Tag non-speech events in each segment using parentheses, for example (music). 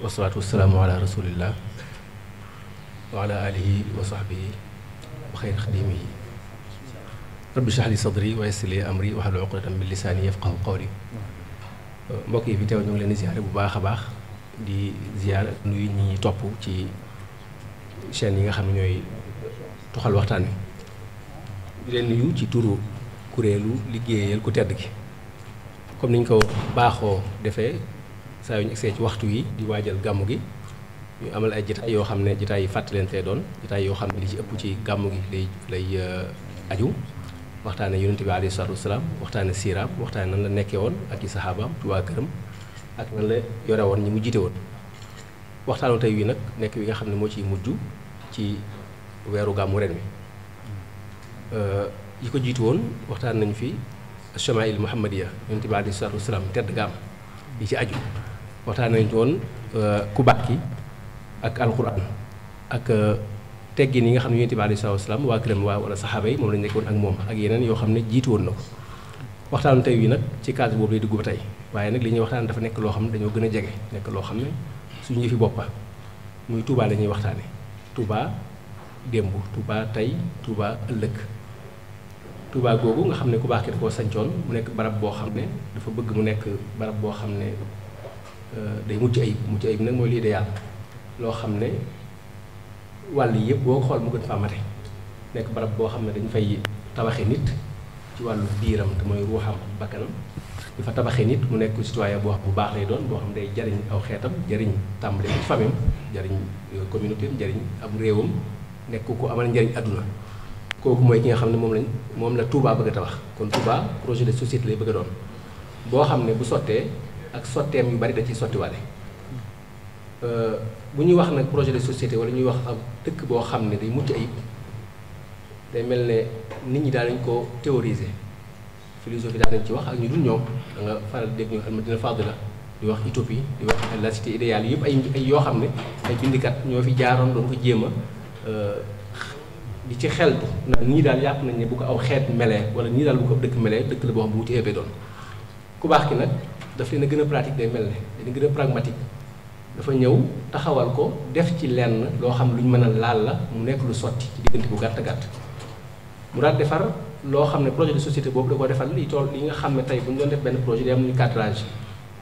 wasalaatu wasalaamu ala rasulillah wa ala alihi wa sahbihi wa xayri xadimihi rabbi shrah li sadri wa yassir li mbokk yi fi teew ñu leen di ziare bu baax a baax di ziar nuyu ñi topp ci chaîne yi nga xam ne ñooy toxal waxtaan wi di leen nuyu ci turu kuréelu liggéeyal ku tedd gi comme niñ ko baaxoo defee saa yu ñu egsee ci waxtu yi di waajal gàmmu gi ñu amal ay jitaay yoo xam ne jitaay yi fàttalante doon jitaay yoo xam ne li ci ëpp ci gàmmu gi lay lay euh, aju waxtaane yonente bi alayhi salaatu wasalaam waxtaane siiraam la nekkee woon ak i saxaabaam ci waa këram ak nan la yore woon ñi mu jiite woon waxtaanu tey wi nag nekk wi nga xam ne moo ciy mujj ci weeru gàmmu ren wi euh, yi ko jiitu woon waxtaan nañu fi chamail muhammadiya yonente bi alayhi salaatu wasalaam tedd gaam yi ci aju waxtaan nañ ci euh, ki ku bàkki ak alquran ak euh, teggin yi nga xam ne yonent bi alayhi salaatu wasalaam waa këram waa wala saxaaba yi moom lañ nekkoon ak moom ak yeneen yoo xam ne jiitu woon na ko waxtaanu tey wi nag ci cadre boobu lay dugg ba tey waaye nag li ñuy waxtaan dafa nekk loo xam ne dañoo gën a jege nekk loo xam ne suñu yëfi boppa muy Touba lañuy waxtaane tubaa démb Touba tey tubaa ëllëg Touba googu nga xam ne ku baax ki da koo sancoon nekk barab boo xam ne dafa bëgg mu nekk barab boo xam ne Euh, day mucc ayib mucc ayib nag mooy l'idéal loo xam ne wàll yëpp boo xool mu gën faa mate nekk barab boo xam ne dañ fay tabaxee nit ci wàllu biiram te mooy ruuxam ak bakkanam di fa nit mu nekk citoyen boo xam bu baax lay doon boo xam day jariñ aw xeetam jariñ tàmbale ci famem jariñ euh, communauté am jariñ am réewam nekk ko amal njariñ adduna kooku mooy ki nga xam ne moom lañ moom la Touba bëgg a tabax kon Touba projet de société lay bëgg a doon ak sotteem yu bari da ciy sottiwaale euh, bu ñuy wax nag projet de société wala ñuy wax ab dëkk boo xam ne day mucc ay day mel ne nit ñi daal dañ ko théoriser philosophie daal dañ ci wax ak ñu dul ñoom da nga faral dégg ñu xam dina fàdd la di wax utopie di wax la cité idéale yëpp ay ay yoo xam ne ay bindikat ñoo fi jaaroon doon ko jéem euh, di ci xel naan nii daal yàpp nañ ne bu ko aw xeet mele wala nii daal bu ko dëkk melee dëkk la boo xam bu wuti ebe doon ku baax nag daf leen na gën a pratique day mel ne dañu gën a pragmatique dafa ñëw taxawal ko def ci lenn loo xam luñ mën a laal la mu nekk lu sotti ci diggante bu gàtt gàtt mu daal defar loo xam ne projet de société boobu da ko defal li tool li nga xam ne tey bu ñu doon def benn projet day am ñu cadrage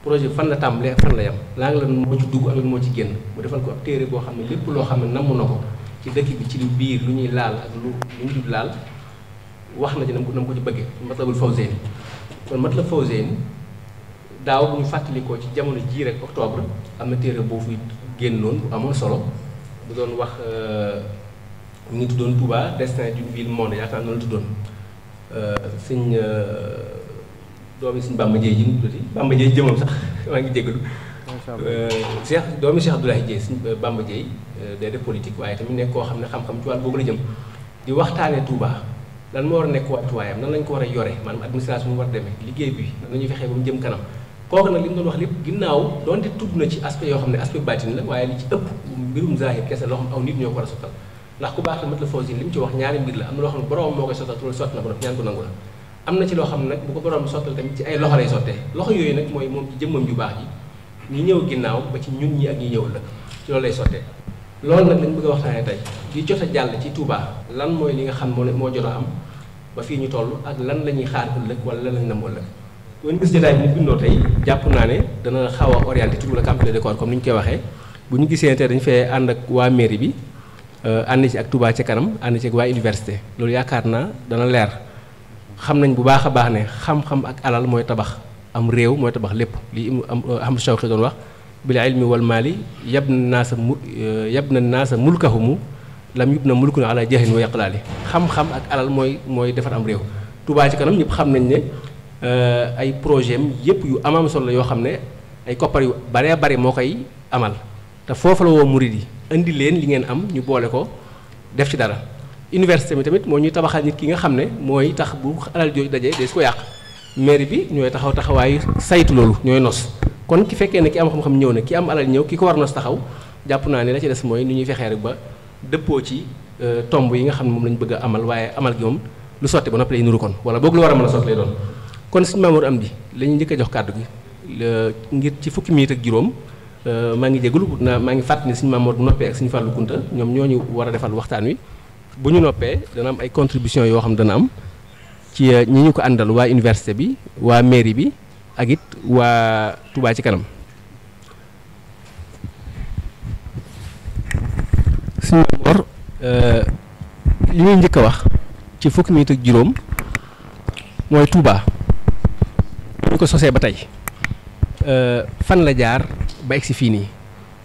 projet fan la tàmbalee fan la yem laa nga lan moo ci dugg ak lan moo ci génn mu defal ko ab téere boo xam ne lépp loo xam ne namm na ko ci dëkk bi ci lu biir lu ñuy laal ak lu laal wax na ci na ko ci bëggee Matlabul Fawzeyni kon Matlabul Fawzeyni daaw bu ñu fàttalikoo ci jamono jii rek octobre am na téere boo fi génnoon bu amoon solo bu doon wax ñu euh, ngi tuddoon Touba destin d'une ville monde yaakaar noonu la tuddoon euh, sëñ euh, doomi sëñ Bamba Dieye ji ñu tuddati Bamba Dieye jëmam sax (laughs) maa ngi jégalu. Cheikh doomi Cheikh Abdoulaye Dieye sëñ Bamba Dieye day def politique waaye tamit nekk koo xam ne xam-xam ci boobu la jëm di waxtaanee Touba. lan moo war a nekk wàccuwaayam nan lañ ko war a yore maanaam administration mu war a demee liggéey bi nan la fexee ba mu jëm kanam kooku nag li mu doon wax lépp ginnaaw donte tudd na ci aspect yoo xam ne aspect baatin la waaye li ci ëpp mbirum zahir kese loo xam nit ñoo ko war a sottal ndax ku baax la mat la fausi li mu ñaari mbir la am na loo xam ne borom moo koy sottal tu sotti loo xam ne nag ko borom sottal tamit ci ay loxo lay sottee loxo yooyu nag mooy moom ci jëmmam ju baax ji ñëw ginnaaw ba ci ñun ñi ak ñi ñëwul la ci loolu lay sottee loolu nag lañ bëgg a waxtaanee tey di jot a jàll ci Touba lan mooy li nga xam moo moo jot a am ba fii ñu toll ak lan la ñuy xaar ëllëg wala lan lañ nam ëllëg kon gis jotaay bi ñu naa ne dana xaw a orienté tuuti wala camp de décor comme ni ñu koy bu ñu gisee tey dañu fee ànd ak waa bi euh, ànd ci ak Touba ca kanam ànd ci ak loolu yaakaar naa dana leer xam nañ bu baax a baax ne xam-xam ak alal mooy tabax am réew mooy tabax lépp li am euh, am Shawqi doon wax bil ilmi wal maali yab naa sa mu euh, yab na naa sa mulkahumu lam yub na mulkun ala jahlin wa yaqlaali xam-xam ak alal mooy mooy defar am réew Touba ca kanam ñëpp xam nañ ne Euh, ay projet am yëpp yu amam solo la yoo xam ne ay koppar yu baree bari moo koy amal te foofu la woo murid yi indi leen li ngeen am ñu boole ko def ci dara université mi tamit moo ñuy tabaxal nit ki nga xam ne tax bu alal jooju dajee des ko yàq mairie bi ñooy taxaw taxawaayu saytu loolu ñooy nos kon ki fekkee ne ki am xam-xam ñëw na ki am alal ñëw ki ko war nos taxaw jàpp naa ne la ci des mooy nu ñuy fexee rek ba dëppoo ci euh, tomb yi nga xam ne moom lañ bëgg amal waaye amal gi moom lu sotti ba noppi lay nuru kon wala boog lu war a mën a sotti lay doon kon sëñ Mamour Amdi la ñuy njëkk a jox kàddu gi ngir ci fukki miit ak juróom euh, maa ngi jégalu na maa ngi fàttali ne sëñ Mamour bu noppee ak sëñ Fallou Kunta ñoom ñoo ñu war a defal waxtaan wi bu ñu noppee dana am ay contribution yoo xam dana am ci euh, ñi ñu ko àndal waa université bi waa mairie bi ak it waa Touba ci kanam. sëñ Mamour euh, li ñuy njëkk a wax ci fukki miit ak juróom mooy Touba. bu ñu ko sosee ba tey euh, fan la jaar ba egsi fii nii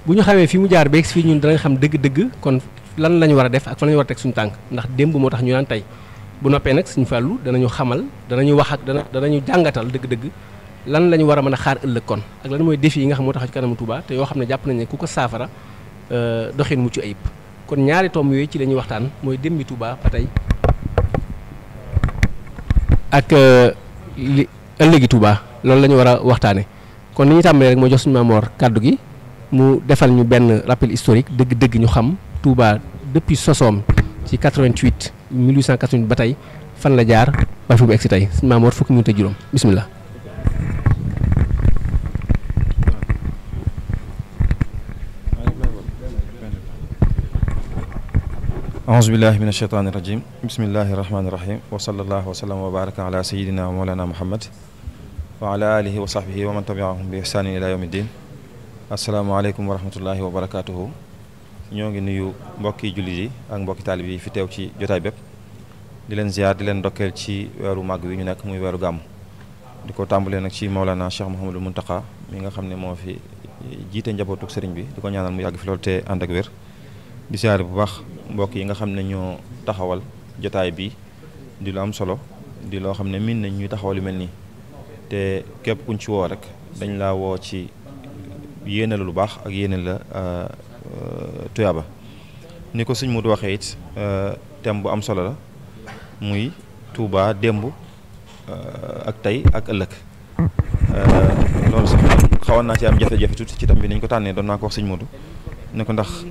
bu ñu xamee fi mu jaar ba egsi fii ñun danañ xam dëgg-dëgg kon lan la ñu war a def ak fan la ñu teg suñu tànk ndax démb moo tax ñu naan tey bu noppee nag suñu fàllu danañu xamal danañu wax ak dana danañu jàngatal dëgg-dëgg lan la ñu war a mën a xaar ëllëg kon ak lan mooy défi yi nga xam moo tax ci kanamu Touba te yoo xam ne jàpp nañ ku ko saafara euh, doxin mucc ayib kon ñaari tomb yooyu ci la waxtaan mooy dem bi Touba ba tey euh, ëllëgi Touba loolu lañu ñu war a waxtaane kon ni ñu tàmbalee rek mooy jox suñu maamoor kàddu gi mu defal ñu benn rappel historique dëgg-dëgg ñu xam tuuba depuis sosoom ci 88 1888 ba tey fan la jaar ba fi mu egsi tey suñu maamoor fukki minute juróom bisimilah. ahousubillahi min asheytaani irajim bismillahi wa ala alihi wa sahbihi wa man tabiahum bi ihsaanin ila yawmi din asalaamaaleykum wa rahmatullahi wa barakatuhu ñoo ngi nuyu mbokki julli yi ak mbokki taalib yi fi teew ci jotaay bépp di leen ziar di leen dokkeel ci weeru màgg wi ñu nekk muy weeru gàmm di ko tàmbalee nag ci Maolana Cheikh Mouhamadul Mountakha mi nga xam ne moo fi jiite njabootuk sëriñ bi di ko ñaanal mu yàgg fi loolu te ànd ak wér di ziar bu baax mbokk yi nga xam ne ñoo taxawal jotaay bi di lu am solo di loo xam ne miin nañ ñuy taxawal yu mel nii te képp kuñ ci woo rek dañ laa woo ci yéene la lu baax ak yéene la euh, euh, ba ni ko suñ mu waxee it euh, thème bu am solo la muy Touba démb ak tey ak ëllëg loolu sax xawoon naa ci am jafe-jafe tuuti ci tam bi nañ ko tànnee doon naa ko wax suñ Modou ne ko ndax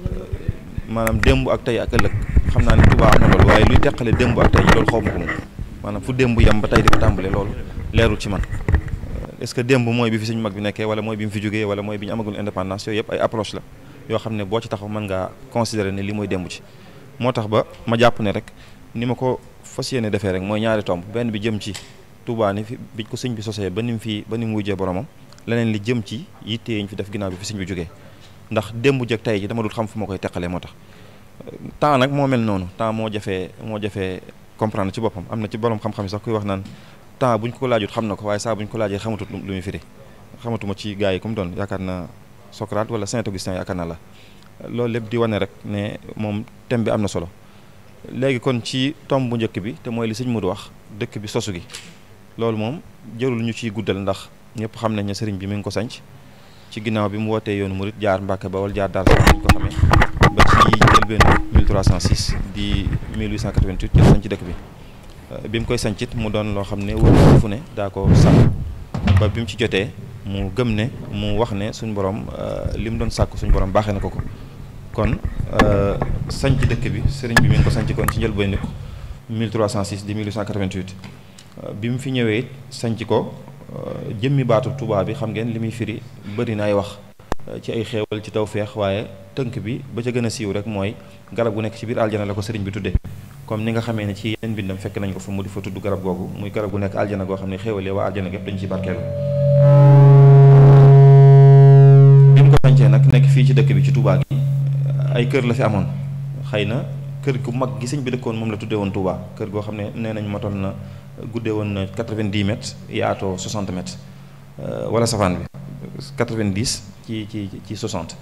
maanaam démb ak tey ak ëllëg xam naa ni Touba am na loolu waaye luy teqale démb ak tey loolu xaw ma ko moom maanaam fu démb yem ba tey di ko tàmbalee loolu leerul ci man euh, est-ce que démb mooy bi fi suñu mag bi nekkee wala mooy bi mu fi jógee wala mooy bi ñu amagul indépendance yooyu yëpp ay approche la yoo xam ne boo ci taxaw mën ngaa considérer ni li mooy démb ci moo tax ba ma jàpp ne rek ni ma ko fas yéene defee rek mooy ñaari tomb benn bi jëm ci Touba ni fi bi ko sëñ bi sosee ba ni mu fii ba ni mu wujjee boromam leneen li jëm ci yitte yi ñu fi def ginaaw bi fi sëñ bi jógee ndax démb jëkk tey ji dama xam fu ma koy teqalee moo tax euh, temps nag moo mel noonu temps moo jafee moo jafee comprendre ci boppam am na ci borom xam-xam sax kuy wax naan temps bu ñu ko laajut xam na ko waaye saa bu ñu ko laajee xamatut lu muy firi xamatuma ci gaa yi comme doon yaakaar na Socrate wala Saint Augustin yaakaar na la loolu lépp di wane rek ne moom thème bi am na solo léegi kon ci tomb bu njëkk bi te mooy li mu Modou wax dëkk bi sosu gi loolu moom jërul ñu ciy guddal ndax ñëpp xam nañ ne sëriñ bi mi ngi ko sanc ci ginnaaw bi mu wootee yoonu murit jaar Mbàkke Bawol jaar Daaru Salaam ko xamee ba ci njëlbéenu 1306 di 1888 jël sanc dëkk bi Euh, bi mu koy sancit mu doon loo xam ne wër fu ne daa ko sàkk ba bi mu ci jotee mu gëm ne mu wax ne suñ borom euh, li mu doon sàkk suñ borom baaxee na ko ko kon euh, sanc dëkk bi sëriñ bi mi ngi ko sanc kon ci njëlbéen 1306 di 1888 bi mu fi ñëwee sanc ko jëmmi baatu tubaab bi xam ngeen li muy firi bëri na ay wax ci ay xeewal ci feex waaye tënk bi ba ca gën a siiw rek mooy garab gu nekk ci biir aljana la ko sëriñ bi tuddee comme ni nga xamee ne ci yeneen bindam fekk nañ ko fa mu di fa tudd garab googu muy garab gu nekk aljana goo xam ne xéewalee waa aljana gépp dañu ci barkeelu bi mu ko sancee nag nekk fii ci dëkk bi ci Touba gi ay kër la fi amoon xëy na kër gu mag gi sëñ bi dëkkoon moom la tuddee woon Touba kër goo xam ne nee nañ motoon na guddee woon na quatre-vingt-dix mètres yaatoo soixante mètres euh, wala safaan bi quatre-vingt-dix ci ci ci soixante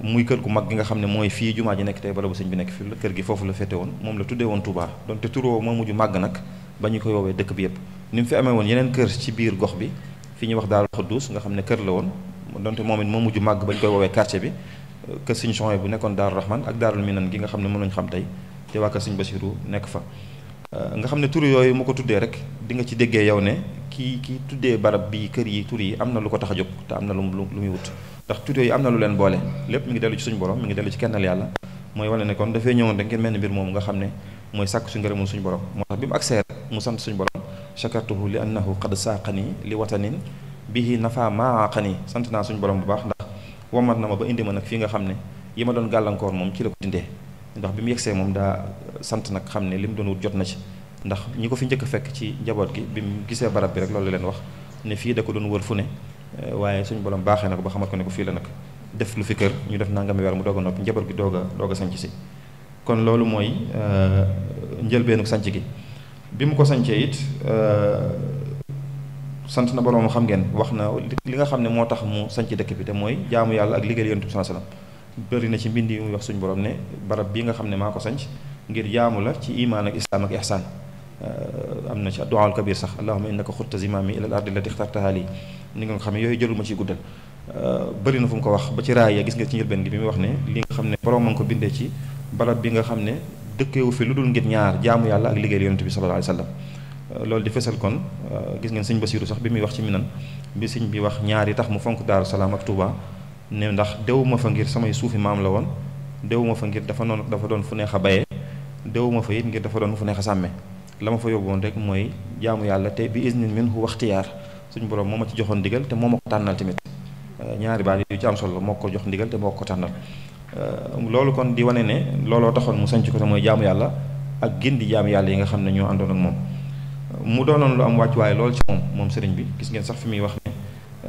muy kër gu mag gi nga xam ne mooy fii jumaa ji nekk tey bala bu sëñ bi nekk fii la kër gi foofu la féete woon moom la tuddee woon Touba donte turoo moo mujj màgg nag ba ñu koy woowee dëkk bi yëpp ni mu fi amee woon yeneen kër ci biir gox bi fi ñuy wax daal Xudduus nga xam ne kër la woon donte moom it moo mujj màgg ba ñu koy woowee quartier bi kër sëñ Soxna bu nekkoon Daaru Rahman ak Daarul Minan gi nga xam ne mën nañu xam tey te waa kër sëñ Basiru nekk fa nga xam ne tur yooyu mu ko tuddee rek di nga ci déggee yow ne kii kii tuddee barab bii kër yi tur yi am na lu ko tax a jóg te am na lu lu muy wut ndax tur yi am na lu leen boole lépp mi ngi dellu ci suñu borom mi ngi dellu ci kennal yàlla mooy wane ne kon dafay ñëwoon rek ngeen mel ni mbir moomu nga ne mooy sàkk su ngërëmul suñu borom moo tax bi mu agsee mu sant suñu borom chakartuhu li annahu qad saaqani li watanin bihi nafa maaqani sant naa suñu borom bu baax ndax wamat na ma ba indi ma nag fii nga xam ne yi ma doon gàllankoor moom ci la ko dindee ndax bi mu yegsee moom daa sant nag xam ne li mu doon wut jot na ci ndax ñi ko fi njëkk fekk ci njaboot gi bi mu gisee barab bi rek loolu la leen wax ne fii da ko doon wër fu ne eh, waaye suñu borom baaxee na ko ba xamal ko ne ko fii la nag def lu fi kër ñu def nangami weer mu doog a noppi njaboot gi doog a doog a sanc si kon loolu mooy eh, njëlbeenu sanc gi bi mu ko sancee it eh, sant na borom xam ngeen wax na li nga xam ne moo tax mu sanc dëkk bi de mooy jaamu yàlla ak liggéey yonent bi sallallahu alayhi wasallam na ci mbind yi muy wax suñu borom ne barab bi nga xam ne maa ko sanc ngir jaamu la ci imaan ak islaam ak Euh, am na ci duwaal kabir sax allahuma innaka xutta zimaami ila al ardi lati ixtartaha li ni nga ko xam ne yooyu jëluma ci guddal euh, bëri na fu mu ko wax ba ci raay ya gis nga ci njëlbeen gi bi muy wax ne li nga xam ne borom ma ko bindee ci barab bi nga xam ne dëkkewu fi lu dul ngit ñaar jaamu yàlla ak liggéey liggéeyal yonent bi sallallahu alayhi wasallam euh, loolu di fesal kon gis nga ngeen ba Basiiru sax bi muy wax ci minan bi siñ bi wax ñaar yi tax mu fonk Daaru Salaam ak Touba ne ndax dewuma fa ngir samay suufi maam la woon dewuma fa ngir dafa noonu dafa doon fu neex a bayee dewuma fa it ngir dafa doon fu neex a sàmmee la ma fa yóbboon rek mooy jaamu yàlla te bi isnin minhu waxtiyaar suñu borom moom ma ci joxoon ndigal te moo ma ko tànnal tamit euh, ñaari baal yu ci am solo moo ko jox ndigal te moo ko tànnal euh, loolu kon di wane ne looloo taxoon mu sanc ko te mooy jaamu yàlla ak gindi jaamu yàlla yi nga xam ne ñoo àndoon ak moom mu doonoon lu am wàccuwaay lool ci moom moom sëriñ bi gis ngeen sax fi muy wax ne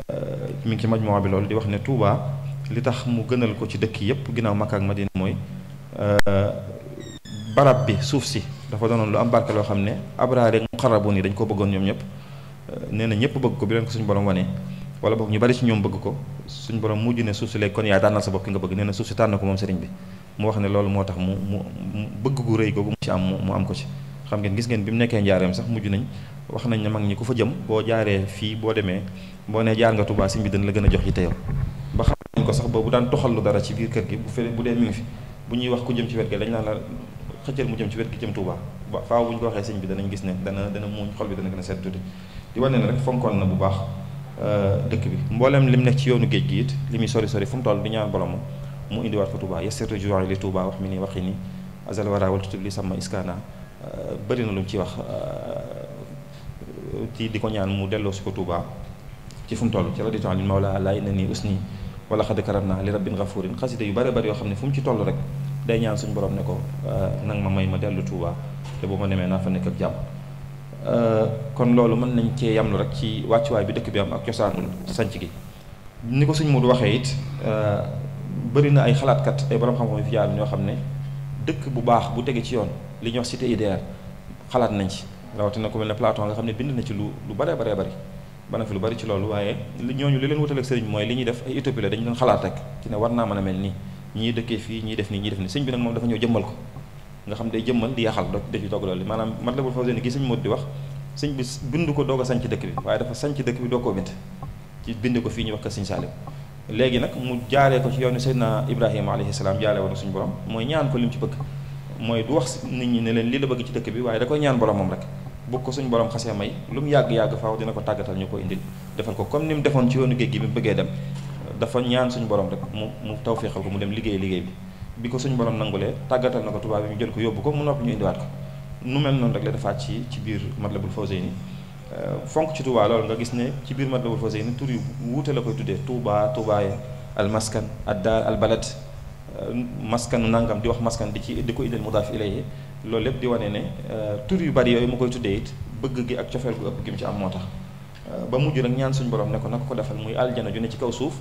euh, mi ngi ci majmuwa bi loolu di wax ne Touba li tax mu gënal ko ci dëkk yépp ginnaaw Makka ak Madina mooy barab bi suuf si dafa doonoon lu am barke xam ne abraar ak muqarrabuun yi dañ ko bëggoon ñoom ñëpp nee na bëgg ko bi leen ko suñu borom wane wala boog ñu bari si ñoom bëgg ko suñu borom mujj ne suuf si léegi kon yaa tànnal sa bopp ki nga bëgg nee na suuf si tànn ko moom sëriñ bi mu wax tax mu mu bëgg gu rëy googu mu ci am am ko ci xam ngeen gis ngeen bi mu nekkee njaareem sax mujj nañ wax nañ ne mag ñi ku fa jëm boo jaaree fii boo demee boo nee jaar nga Tuubaa bi dañ la gën a jox yitte yow ba xam nañ ko sax boobu daan toxal lu dara ci biir kër gi bu feree bu dee mi ngi fi bu ñuy wax ku jëm ci wet gi dañ naan la xëccal mu jëm ci wet gi jëm Touba ba faaw bu waxee sëñ bi danañ gis ne dana dana muuñ xol bi dana gën a seet tuuti di wane ne rek fonkoon na bu baax euh, dëkk bi mbooleem lim nekk ci yoonu géej gi it li muy sori sori fu mu toll di ñaan boromam mu indiwaat ko Touba yasirtu juwaay li Touba wax mi ni waxi ni azal wara wal tutub li euh, na lu mu ciy wax euh, ci di ko ñaan mu delloo si ko Touba ci fu mu toll ci radiyallaahu anil mawla laa inna nii usni wala xad karam naa li rabbin gafurin xasida yu bare bare yoo xam ne fu mu ci toll rek day ñaan suñu boroom ne ko euh, nang ma may ma dellu Touba te bu ma demee naa fa nekk ak jàmm euh, kon loolu mën nañ cee yamlu rek ci wàccuwaay bi dëkk bi am ak cosaanu sanc gi ni ko suñ Moodu waxee it euh, bëri na ay xalaatkat ay borom xam-xam yu fi jaar ñoo xam ne dëkk bu baax bu tege ci yoon li ñuy wax te idéal xalaat nañ ci rawatina ko mel ne Platon nga xam ne bind na ci lu lu bare bare bëri bana fi lu bëri ci loolu waaye ñooñu li leen wutal ak sëriñ mooy li ñuy def ay utopie la dañu doon xalaat rek ne war naa mën a mel nii ñii dëkkee fii ñii def nii ñii def nii sëñ bi nag moom dafa ñëw jëmmal ko nga xam day jëmmal di yaxal def ci togg loolu maanaam mat la bul faw seen gi sëñ Modou di wax sëñ bi bind ko doog a sanc dëkk bi waaye dafa sanc dëkk bi doo koo bind ci bind ko fii ñu wax ko sëñ Saliou léegi nag mu jaaree ko ci yoonu Seydina Ibrahima alayhi salaam jaaree woon suñu borom mooy ñaan ko lim ci bëgg mooy du wax nit ñi ne leen lii la bëgg ci dëkk bi waaye da koy ñaan borom moom rek bu ko suñu borom lu mu yàgg-yàgg faaw ko tàggatal ñu ko indil defal ko comme ni mu defoon ci yoonu géej gi dem dafa ñaan suñu borom rek mu mu tawféexal ko mu dem liggéey liggéey bi bi ko suñu borom nangulee tàggatal na ko tubaab bi ñu jël ko yóbbu ko mu noppi ñu indiwaat ko nu mel noonu rek la defaat ci ci biir Matlabul Fawzayni euh, fonk ci Touba loolu nga gis ne ci biir Matlabul Fawzayni tur yu wuute la koy tuddee Touba al maskan ad daar al balad euh, nangam di wax maskan di ci di ko indil mudaaf ilayhi loolu lépp di wane ne euh, tur yu bari yooyu mu koy tuddee it bëgg gi ak cofeel gu ëpp gi mu ci am moo tax ba mujj nag ñaan suñ borom ne ko naka ko defal muy aljana ju ne ci kaw suuf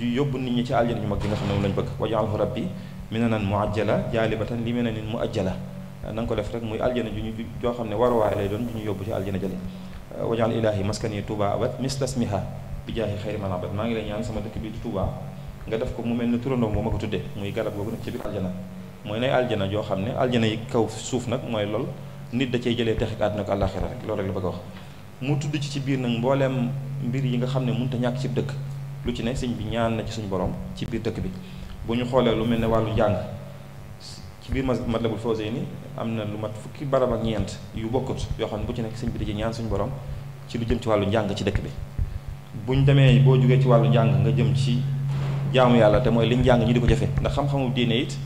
ju yóbbu nit ñi ci àljana ñu mag ji nga xam ne moom lañ bëgg wajalhu rabbi minanan muajjala jaalibatan li minanin muajjala na nga ko def rek muy aljana ju ñu joo xam ne waruwaay lay doon ñu yóbbu ci aljana jële wajal ilaahi maskani tuuba abat mislasmiha bi jaahi xayri man abat maa ngi lay ñaan sama dëkk bi di tuuba nga def ko mel ni turandoom bu ma ko muy garab googu nag ci biir aljana mooy joo xam ne aljana yi kaw suuf nag mooy lool nit da cey jëlee tex ak àdduna ak àllaaxira rek loolu rek la bëgg a wax mu tudd ci ci biir nag mbooleem mbir yi nga xam ne mun a ñàkk ci dëkk lu ci ne sëñ bi ñaan na ci suñu borom ci biir dëkk bi bu ñu xoolee lu mel ne wàllu njàng ci biir Matlabul nii am na lu mat fukki barab ak ñeent yu bokkut yoo xam ne ci nekk sëñ ci ñaan suñu borom ci lu jëm ci wàllu njàng ci dëkk bi buñ demee boo jógee ci wàllu njàng nga jëm ci jaamu yàlla te mooy liñ jàng ñu di ko jafe ndax xam-xamu diine it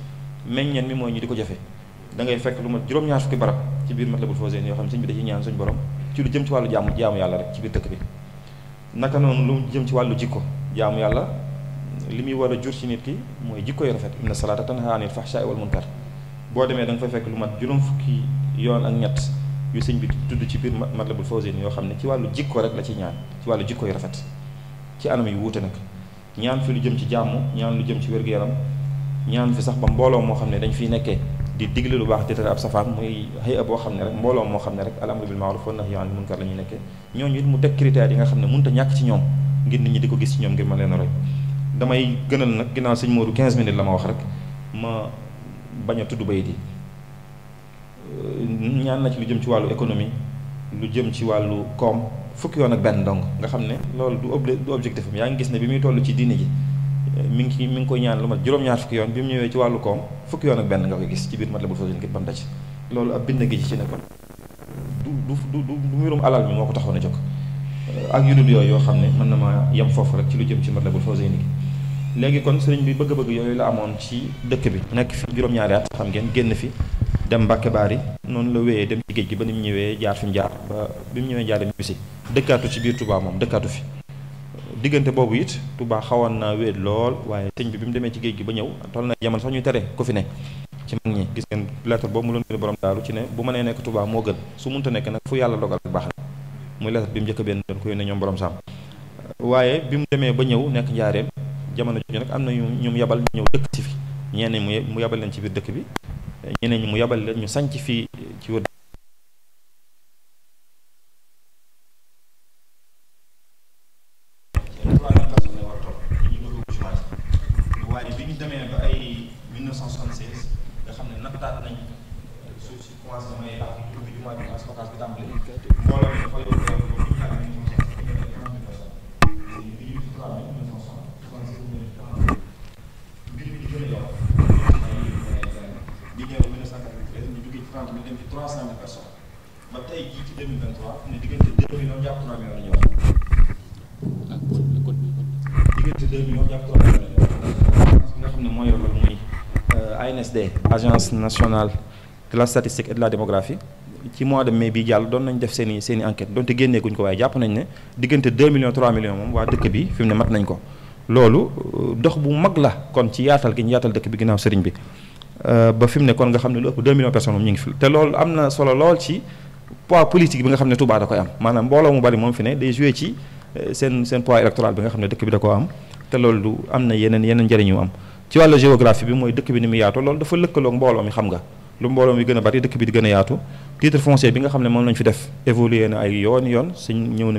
meññeen ñu di ko jafe da ngay fekk lu mat juróom-ñaar fukki barab ci biir Matlabul Fawzayni yoo xam ne sëñ bi da ci ñaan suñ borom ci lu jëm ci wàllu jaamu jaamu yàlla rek ci biir dëkk bi naka noonu lu jëm ci wàllu jikko jaamu yàlla li muy war a jur ci nit ki mooy jikko yu rafet inna salaata tanha anil fahshaai wal munkar boo demee da nga fekk lu mat juróom fukki yoon ak ñett yu sëñ bi tudd ci biir Matlabul Fawzayni yoo xam ne ci wàllu jikko rek la ci ñaan ci wàllu jikko yu rafet ci anam yu wuute nag ñaan fi lu jëm ci jàmm ñaan lu jëm ci wér-gu-yaram ñaan fi sax ba mbooloo moo xam ne dañ fiy nekkee di digle lu baax di tere ab safaan muy xëy a boo xam ne rek mbooloo moo xam ne rek al amru bil maaruf wa nahyi anil munkar la ñuy nekkee ñooñu it mu teg critères yi nga xam ne mënut a ñàkk ci ñoom ngir nit ñi di ko gis ci ñoom ngir ma leen a roy damay gënal nag ginnaaw sëñ Modou 15 minutes la ma wax rek ma bañ a tudd bayit yi euh, ñaan na ci lu jëm ci wàllu économie lu jëm ci wàllu koom fukki yoon ak benn dong nga xam ne loolu du ob du objectif am gis ne bi muy toll ci diine ji euh, mi ngi mi ngi koy ñaan lu mat juróom-ñaar yoon bi mu ñëwee ci wàllu koom fukki yoon ak benn gis ci biir Matlabul Fawzayni ba mu daj loolu ab bind gi ci ne du du du mbirum alal mi moo ko taxoon a jóg Euh, ak yu dul yooyu yoo xam ne mën na ma yem foofu rek ci lu jëm ci Matlabul Fawzayni gi léegi kon sëriñ bi bëgg-bëgg yooyu la amoon ci dëkk bi nekk fi juróom-ñaari at xam ngeen génn fi dem Mbàkke yi noonu la wéyee dem ci géej gi ba ni mu ñëwee jaar fi mu jaar ba bi mu jaar dem si dëkkaatu ci biir Touba moom dëkkaatu fi diggante boobu it Touba xawoon naa wéet lool waaye sëñ bi bi mu demee ci géej gi ba ñëw toll na jamono sax ñuy tere ku fi ne ci mag ñi gis ngeen lettre boobu mu doon borom daaru ci ne bu mënee nekk tubaa moo gën su munta nekk nag fu yàlla dogal baax na muy lettre bi mu njëkk benn doon ko yónnee ñoom borom saam waaye bi mu demee ba ñëw nekk njaareem jamono jooju nag am na ñu ñu yabal ñëw dëkk si fi ñeneen mu yebal leen ci biir dëkk bi ñeneen ñi mu yebal leen ñu sanc fii ci wër agence nationale de la statistique et de la démographie ci mois de mai bi jàll doon nañ def seen i seen i enquête donte génneeguñ ko waaye jàpp nañ ne diggante 2 millions 3 millions moom waa dëkk bi fi ne mat nañ ko loolu euh, dox bu mag la kon ci yaatal gi ñu yaatal dëkk bi ginnaaw sëriñ bi euh, ba fi mu ne kon nga xam ne lu ëpp 2 millions personnes moom ñu ngi fi te loolu am na solo lool ci poids politique bi nga xam ne Touba da koy am maanaam mbooloo mu bari moom fi ne day joué ci euh, da koo am na yeneen yeneen njëriñ yu am ci wàllu géographie bi mooy dëkk bi ni mu yaatu loolu dafa lëkkaloog mbooloo mi xam nga lu mbooloo mi gën a bari dëkk bi di gën a yaatu titre foncier bi nga xam ne moom lañu fi def évolué na ay yoon yoon sëñ ñëw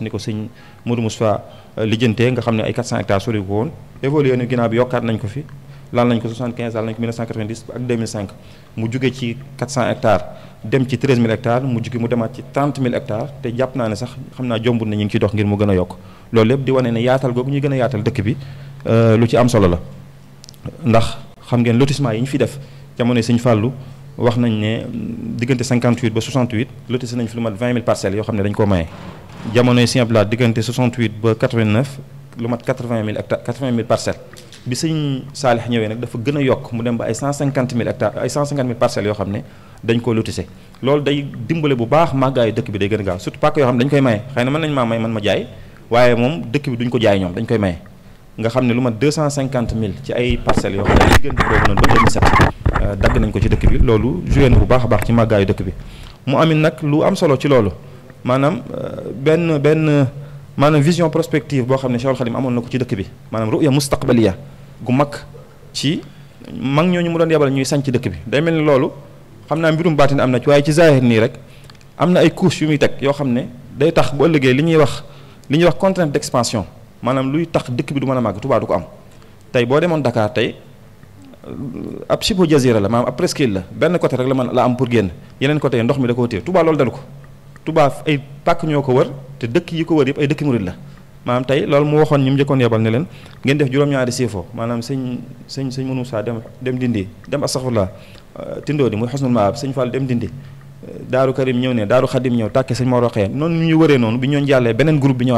ni ko sëñ Modou Moustapha euh, lijjantee nga xam ne ay 400 hectares sori ko woon évolué na ginnaaw bi yokkaat nañ ko fi laal nañ ko ko 1990 ak 2005 mu jugee ci 400 hectares dem ci 13000 hectares mu jugee mu demaat ci 30000 hectares te jàpp naa ne sax xam naa jombul na ñu ngi ciy dox ngir mu gën a yokk lépp di wane ne yaatal googu ñuy gën a yaatal euh, ci am solo la ndax xam ngeen lotissement yi ñu fi def jamono Sëñ Fàllu wax nañ ne diggante 58 ba 68 lotissé nañ fi lu mat 20 000 parcelles yoo xam ne dañ ko maye. jamono Sëñ Abdou Lahad diggante 68 ba lu mat 80 000 a yokk mu day dimbale bu baax màggaayu dëkk bi day gën a gaaw surtout pàkk yoo xam ne dañ koy maye xëy na mën nañ maa may man ma jaay waaye moom dëkk bi duñ ko jaay ñoom dañ koy maye nga xam ne lu ma deux cent cinquante mille ci ay parcelles yoo xam ne diggante boobu noonu ba 2007 euh, dagg nañ ko ci dëkk bi loolu joué bu baax a baax ci màggaayu bi mu amit nag lu am solo ci loolu maanaam euh, benn benn maanaam vision prospective boo xam ne Cheikhul amoon na ko ci dëkk bi maanaam ruya mustaqbaliya gu mag ci mag ñooñu mu doon yabal ñuy sañ ci dëkk bi day mel ni loolu xam naa mbirum baatin am na ci waaye ci zaahir nii rek am na ay couche yu muy teg yoo xam ne day tax bu ëllëgee li ñuy wax li ñuy wax contrainte d'expansion maanaam luy tax dëkk bi du man a màgg Touba du ko am tey boo demoon Dakar tey ab sibo jazira la maanaam ab presqu'île la benn côté rek la man la am pour génn yeneen côté ndox mi da koo téye Touba loolu dalu ko Touba ay pàkk ñoo ko wër te dëkk yi ko wër yëpp ay dëkk murid la maanaam tey loolu mu waxoon ñi mu njëkkoon yebal ne leen ngeen def juróom-ñaari siifoo maanaam sëñ sëñ sëñ mënu saa dem dem dindi dem astaxfirullah euh, tindoo di muy ma maab sañ Fall dem dindi euh, daaru karim ñëw ne daaru xadim ñëw tàkke sëñ Moroxee noonu ñu wëree noonu bi ñoon groupe bi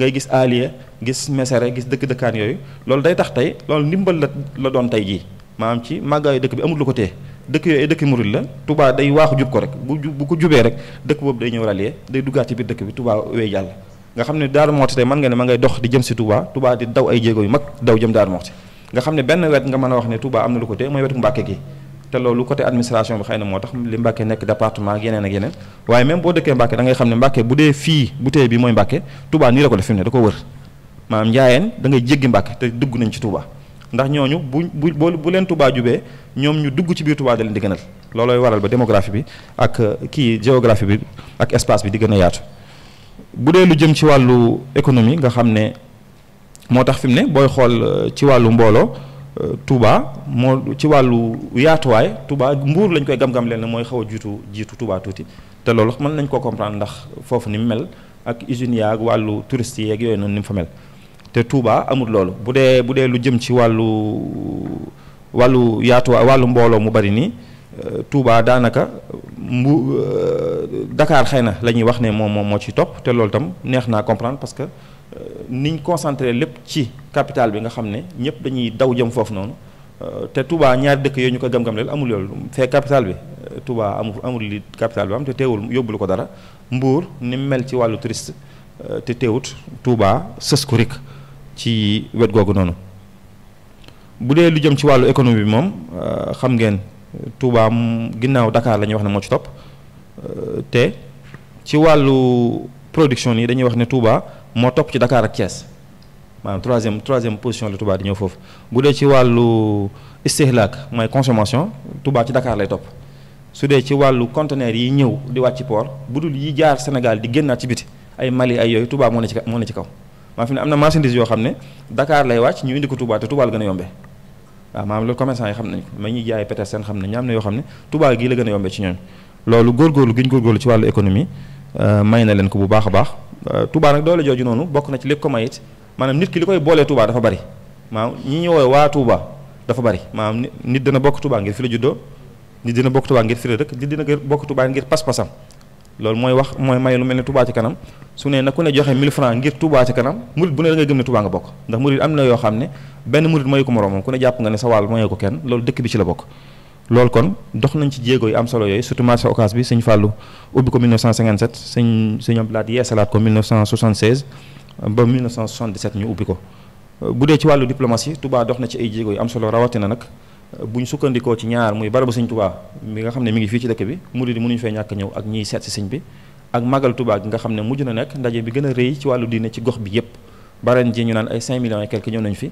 ngay gis aaliya gis mesere gis dëkk dëkkaan yooyu loolu day tax tey loolu ndimbal la la doon tey jii maanaam ci màggaayu dëkk bi amul lu ko tee dëkk yooyu ay dëkk murit la Touba day waaxu jub ko rek bu bu ko jubee rek dëkk boobu day ñëw rallier day duggaat ci biir dëkk bi Touba wey jàll nga xam ne Daaru Muxti tey mën nga ne ma ngay dox di jëm si Touba tubaa di daw ay jéego yu mag daw jëm Daaru Muxti nga xam ne benn wet nga mën a wax ne Touba am ko tee mooy wetu Mbàkke gi te loolu côté administration bi xëy na moo tax li Mbàkke nekk département ak yeneen ak yeneen waaye même boo dëkkee Mbàkke da ngay xam ne Mbàkke bu dee fii bu bi mooy Mbàkke Touba nii la ko def fi mu ne da ko wër maanaam njaayeen da ngay jéggi te dugg nañ ci Touba ndax ñooñu bu bu bu leen tubaa jubee ñoom ñu dugg ci biir Touba da leen di gënal loolooy waral ba démographie bi ak euh, kii géographie bi ak espace bi di gën a yaatu bu dee lu jëm ci wàllu économie nga xam ne moo tax fi mu ne booy xool euh, ci wàllu mbooloo Touba moo ci wàllu yaatuwaay Touba mbuur lañ koy gam-gam leen mooy xaw a jiitu jiitu Touba tuuti te loolu mën nañ koo comprendre ndax foofu ni mu mel ak usines ya ak wàllu touriste yeeg yooyu noonu ni mu fa mel te Touba amul loolu bu dee bu dee lu jëm ci wàllu wàllu yaatuwaay wàllu mbooloo mu bari nii euh, Touba daanaka mbu euh, dakaar xëy na la ñuy wax ne moom moom moo ci topp te loolu tam neex naa comprendre parce que euh, niñ concentré lépp ci capital bi nga xam ne ñëpp dañuy daw jëm foofu noonu euh, te Touba ñaari dëkk yooyu ñu ko gam-gam leel amul yooyu fee capital bi euh, Touba amul amul capital bi am te teewul yóbbulu ko dara Mbour ni mel ci wàllu touriste euh, te teewut Touba sës ko rek ci wet googu noonu bu dee lu jëm ci wàllu économie bi moom xam ngeen Touba ginnaaw dakaar la ñuy wax ne moo ci topp te ci wàllu production yi dañuy wax ne tuuba moo topp ci dakaar ak Thiès maanaam troisième troisième position la Touba di ñëw foofu bu dee ci wàllu istihlaak mooy consommation Touba ci Dakar lay topp su dee ci wàllu conteneur yi ñëw di wàcc port bu dul yi jaar Sénégal di génnaat ci biti ay Mali ay yooyu Touba moo ne ci ci kaw maa fi ne am na marchandise yoo xam ne Dakar lay wàcc ñu indi ko Touba te Touba la gën a yombee waaw maanaam loolu commerçant yi xam nañ ko mais jaay peut seen xam ne ña am na yoo xam ne Touba gii la gën a yombee loolu góorgóorlu gi ñu góorgóorlu ci wàllu économie euh, may na leen ko bu baax a baax euh, Touba nag doole jooju noonu bokk na ci lépp ko mayit maanaam nit ki li koy boolee Touba dafa bari maanaam ñi ñu woowee waa Touba dafa bari maanaam nit dina bokk Touba ngir fi la juddoo nit dina bokk Touba ngir fi la nit dina bokk Touba ngir pas-pasam loolu mooy wax mooy may lu mel ne Touba ci kanam su ne na ku ne joxe 1000 francs ngir Touba ci kanam murid bu ne da gëm ne Touba nga bokk ndax murid am na yoo xam ne benn murid mooy ko moroomam ku ne jàpp nga ne sa wàll mooy ko kenn loolu dëkk bi ci la bokk loolu kon ba 1977 ñu ubbi ko bu dee ci wàllu diplomatie tubaa dox na ci ay jéego yu am solo rawatina nag bu ñu sukkandikoo ci ñaar muy barabu sëñ Touba mi nga xam ne mi ngi fii ci dëkk bi murid yi mënuñu fee ñàkk ñëw ak ñiy seet si sëñ bi ak magal Touba gi nga xam ne mujj na nekk ndaje bi gën a rëy ci wàllu diine ci gox bi yépp baren ji ñu naan ay 5 millions et nañ fi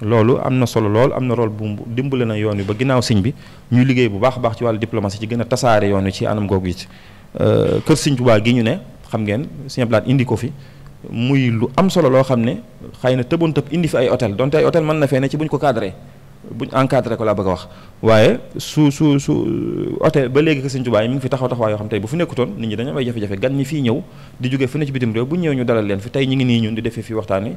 loolu am na solo lool am na rôle bu dimbale na yoon wi ba ginnaaw sëñ bi ñu liggéey bu baax baax ci wàllu diplomatie ci gën a tasaare yoon ci anam googu it euh, kër sëñ Touba gi ñu ne xam ngeen sëñ Ablaat indi ko fi muy lu am solo loo xam ne xay na tëboon tëb indi fi ay hôtel donte ay hôtel mën na fee ne ci buñ ko cadré buñ encadré ko laa bëgg a wax waaye su su su hôtel ba léegi ko sëñ Tuubaa yi mi ngi fi taxaw taxawaay yoo xam tey bu fi nekkutoon nit ñi dañoo am jafe-jafe gan ñu dalal leen fi tey ñu ngi nii ñun di defee fi waxtaan yi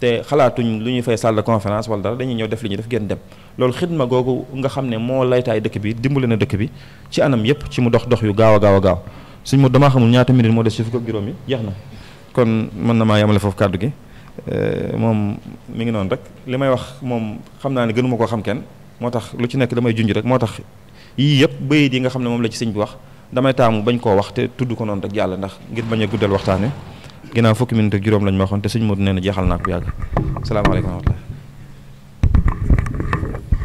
te xalaatuñ lu ñuy fay salle de conférence dara dañuy ñëw def li ñu def gën dem loolu ma googu nga xam ne moo laytaay dëkk bi dimbale na dëkk bi ci anam yépp ci mu dox dox yu gaaw a gaaw a gaaw suñ mo damaa ñaata minute moo des ci fukk ak jeex na kon mën na maa yamale foofu kàddu gi euh, moom mu ngi noonu rek li may wax moom xam naa ne gënuma koo xam kenn moo tax lu ci nekk damay junj rek moo tax yii yëpp bayit di nga xam ne moom la ci sëñ bi wax damay taamu bañ koo wax te tudd ko noonu rek yàlla ndax ngir bañ a guddal waxtaane ginnaaw fukki minute ak juróom lañ ma waxoon te sëñ Modou nee na jeexal naa ko yàgg salaamaaleykum wa rahmatulah.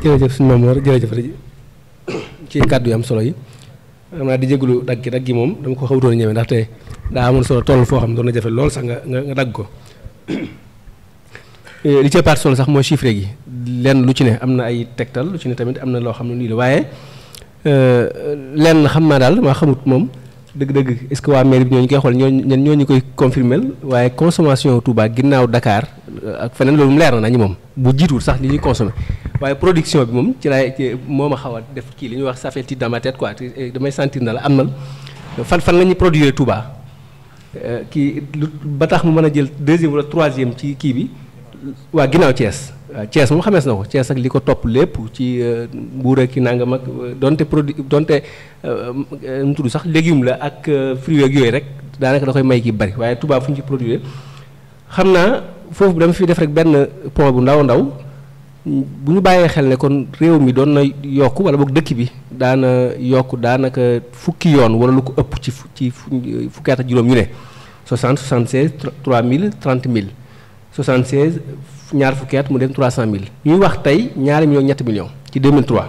jërëjëf sëñ Mamour ci kàddu yi am solo yi. xam naa di jégalu dagg gi dagg gi moom dama ko xawutoon ñeme ndaxte daa amoon soo toll foo xam ne doon na jafe lool sax nga nga dagg ko (coughs) eh, li ci parti solo sax mooy chiffre gi lenn lu ci ne am na ay tegtal lu ci ne tamit am na loo xam ne nii la waaye eh, lenn xam naa daal maa xamut moom. dëgg-dëgg est-ce que waa mairie bi ñooñu koy xool ñooñu ñoo ñu koy confirmer waaye consommation tubaa ginnaaw Dakar euh, ak feneen loolu leer na nañu moom bu jiituwul sax li ñuy consommer waaye production bi moom ci laay moo ma xaw a def kii li ñuy wax ça fait tilt dans ma eh, damay sentir na la am na fan fan la ñuy tubaa Touba euh, kii ba tax mu mën a jël deuxième wala troisième ci kii bi waa ginnaaw Thiès. Euh, Thiès moom xamees na ko Thiès ak li ko topp lépp ci euh, mbuur ak ki nangam mag euh, donte produit donte mu tudd sax légume la ak fruits ak yooyu rek daanaka da may ki bari waaye tubaab fu ñu ci produire xam naa foofu dama fi def rek benn point bu ndaw ndaw bu ñu bàyyee xel ne kon réew mi doon na yokk wala boog dëkk bi daana yokk daanaka fukki yoon wala lu ko ëpp ci ci fukki at ak juróom ñu ne 60 76 3000 mille 000 76 ñaar fukki at mu dem 300000 ñuy wax tey ñaari millions ñetti millions ci 2003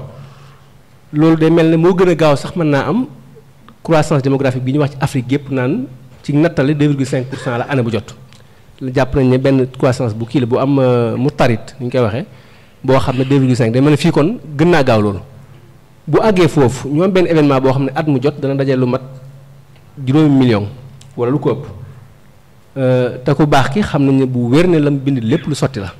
loolu day mel ne moo gën a gaaw sax mën naa am croissance démographique bi ñu wax ci Afrique yëpp naan ci nattale 2,5 pour cent la année bu jot. jàpp nañ ne benn croissance bu kii la bu am euh, mu tarit ni ñu koy waxee boo xam ne 2,5 day mel ne fii kon gën naa gaaw loolu bu àggee foofu ñoom benn événement boo xam ne at mu jot dana dajee lu mat juróomi million wala lu ko ëpp. Euh, te ku baax ki xam nañ ne bu wér ne lam bind lépp lu sotti la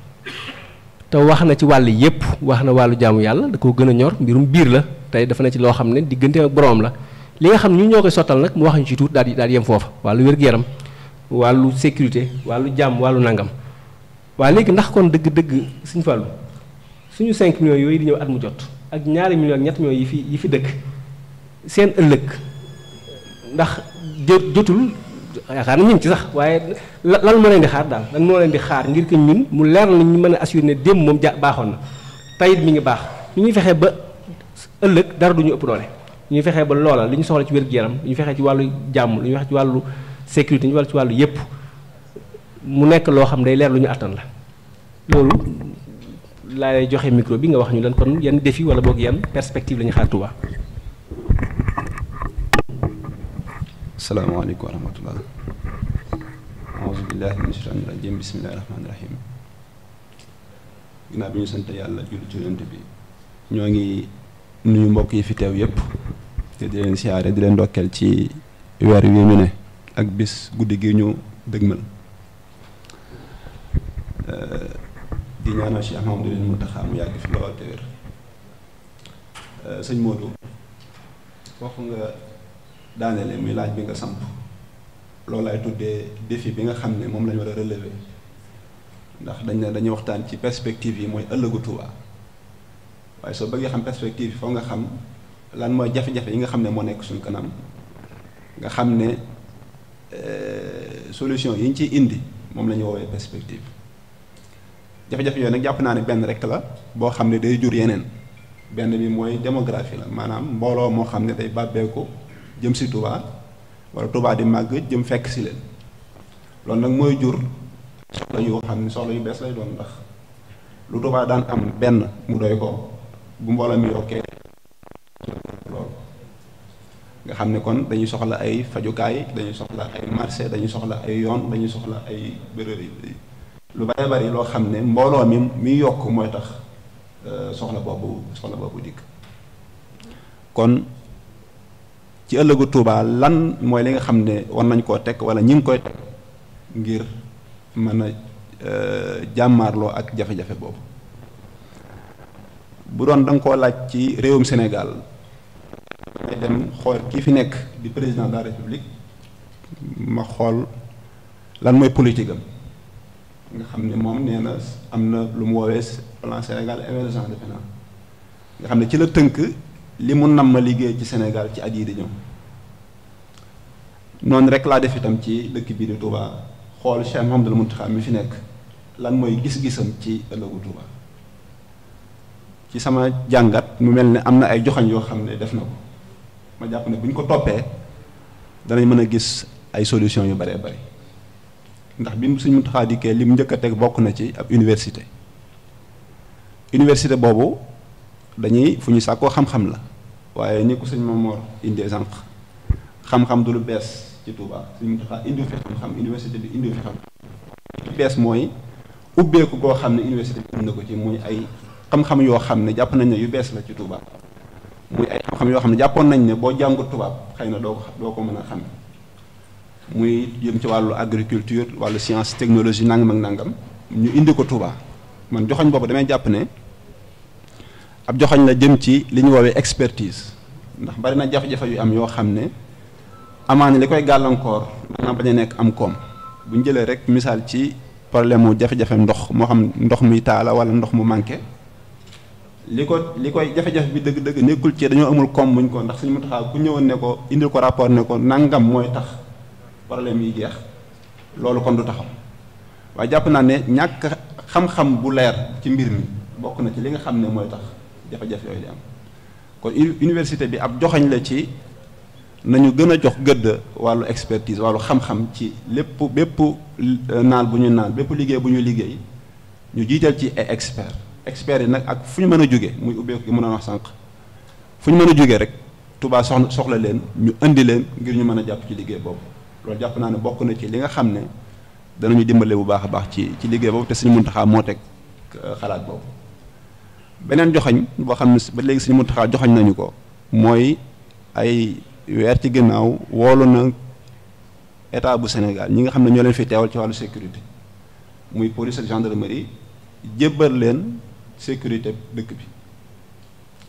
te wax na ci wàll yépp wax na wàllu jàmm yàlla da koo gën a ñor mbirum biir la tey dafa na ci loo xam ne diggante ak boroom la li nga xam ñu ñoo koy sottal nag mu wax ñu ci tuut daal di yem foofa wàllu wér-gu-yaram wàllu sécurité wàllu jàmm wàllu nangam waa léegi ndax kon dëgg-dëgg suñu fàllu suñu 5 millions yooyu di ñëw at mu jot ak ñaari millions ak ñett ñoo yi fi yi fi dëkk seen ëllëg ndax jotul yaakaar na ñu ci sax waaye lan moo leen di xaar daal lan moo leen di xaar ngir que ñun mu leer na ñu mën a assurer ne démb moom ja baaxoon na tayit mi ngi baax ñu ñuy fexee ba ëllëg dara duñu ëpp doole ñu fexe ba loola li ñu soxla ci wér-gu-yaram ñu fexee ci wàllu jàmm lu ñu wax ci wàllu sécurité ñu wàllu ci wàllu yépp mu nekk loo xam day leer lu ñu attan la loolu laa lay joxe micro bi nga wax ñu lan kon yan défi wala boog yan perspective la ñu xaar Touba asalaamaaleykum wa rahmatullah aouzu billahi min shaytaani bismillahi rahmaani rahim ginnaaw bi ñu sant yàlla julli ci yonent bi ñoo ngi nuyu mbokk yi fi teew yépp te di leen siyaare di leen ndokkeel ci weer wi ñu ne ak bis guddi gi ñu dëgmal di ñaanal Cheikh Mamadou leen Mountakha yàgg fi lool te wér sëñ foofu nga daaneele muy bi nga samp loolu laay tuddee défi bi nga xam ne moom lañu war a relever ndax dañ ne dañuy waxtaan ci perspective yi mooy ëllëgu Touba waaye soo bëggee xam perspective yi foo nga xam lan mooy jafe-jafe yi nga xam ne moo nekk suñ kanam nga xam ne euh, solution yi ñu ciy indi moom la ñu woowee perspective jafe-jafe yooyu nag jàpp naa ne benn rek la boo xam ne day jur yeneen benn bi mooy démographie la maanaam mbooloo moo xam ne day bàbbeeku jëm si Touba wala Touba di màgg jëm fekk si leen loolu nag mooy jur soxla yoo xam ne soxla yu bees lay doon ndax lu Touba daan am benn mu doy ko bu mbooloo mi nga xam ne kon dañuy soxla ay fajukaay dañuy soxla ay dañuy soxla ay yoon dañuy soxla ay bërëb yi lu loo xam ne mbooloo mi mi yokk mooy tax euh, soxla boobu soxla boobu dikk kon ci ëllëgu Touba lan mooy li nga xam ne war nañ koo teg wala ñi ngi koy teg ngir mën a euh, jàmmarloo ak jafe-jafe boobu bu doon da koo laaj ci réewum Sénégal may dem xool kii fi nekk di président de la république ma xool lan mooy politique am nga xam ne moom nee na am na lu mu woowee plan Sénégal émergent defe naa nga xam ne ci la tënk li mu nam ma liggéey ci senegal ci at yii di noonu rek laa def itam ci dëkk bii di Touba xool Cheikh mun Mountakha mu fi nekk lan mooy gis-gisam ci ëllëgu Touba ci sama jàngat mu mel ni am na ay joxañ yoo xam ne def na ko ma jàpp ne bu ñu ko toppee danañ mën a gis ay solution yu baree bari ndax bi suñ Mountakha dikkee li mu njëkk a teg bokk na ci ab université université boobu dañuy fu ñu sàkkoo xam-xam la waaye ni suñ sëñ Mamor indee sànq xam-xam du lu bees ci Touba suñu taxaa indiw fi xam-xam université bi indiw fi xam bees mooy ubbeeku goo xam ne université bi na ko ci muy ay xam-xam yoo xam ne jàpp nañ ne yu bees la ci Touba muy ay xam-xam yoo xam ne jàppoon nañ ne boo jàngut tubaab xëy na doo ko doo ko mën a xam muy jëm ci wàllu agriculture wàllu science technologie nangam ak nangam ñu indi ko Touba man joxoñ boobu damay jàpp ne ab joxañ la jëm ci li ñu woowee expertise ndax bari na jafe-jafe yu am yoo xam ne amaan amaana li koy gàllankoor maanaam bañ a nekk am koom bu ñu jëlee rek misaal ci problème mu jafe-jafe ndox moo xam ndox mi taala wala ndox mu manqué li ko li koy jafe bi dëgg-dëgg nekkul ci dañoo amul koom buñ ko ndax suñu mataxaa ku ñëwoon ne ko indil ko rapport ne ko nangam mooy tax problème yi jeex loolu kon du taxaw waaye jàpp naa ne ñàkk xam-xam bu leer ci mbir mi bokk na ci li nga xam ne mooy tax jafe-jafe yooyu di am kon université bi ab joxañ la ci nañu gën a jox gëdd wàllu expertise wàllu xam-xam ci lépp bépp euh, naal bu ñu naal bépp liggéey bu ñu liggéey ñu jiital ci ay expert experts yi nag ak fu ñu mën a jóge muy ubbeeku gi mën a wax sànq fu ñu mën a jógee rek Touba soxla soxla leen ñu indi leen ngir ñu mën a jàpp ci liggéey boobu loolu jàpp naa ne bokk na ci li nga xam ne danañu dimbale bu baax a baax ci ci liggéey boobu te Sëriñ Muntaxa moo teg euh, xalaat boobu beneen joxañ boo xam ne ba léegi suñu Muntaxa joxañ nañu ko mooy ay weer ci ginnaaw woolu na état bu Sénégal ñi nga xam ne ñoo leen fi teewal ci wàllu sécurité muy police ak gendarmerie jébbal leen sécurité dëkk bi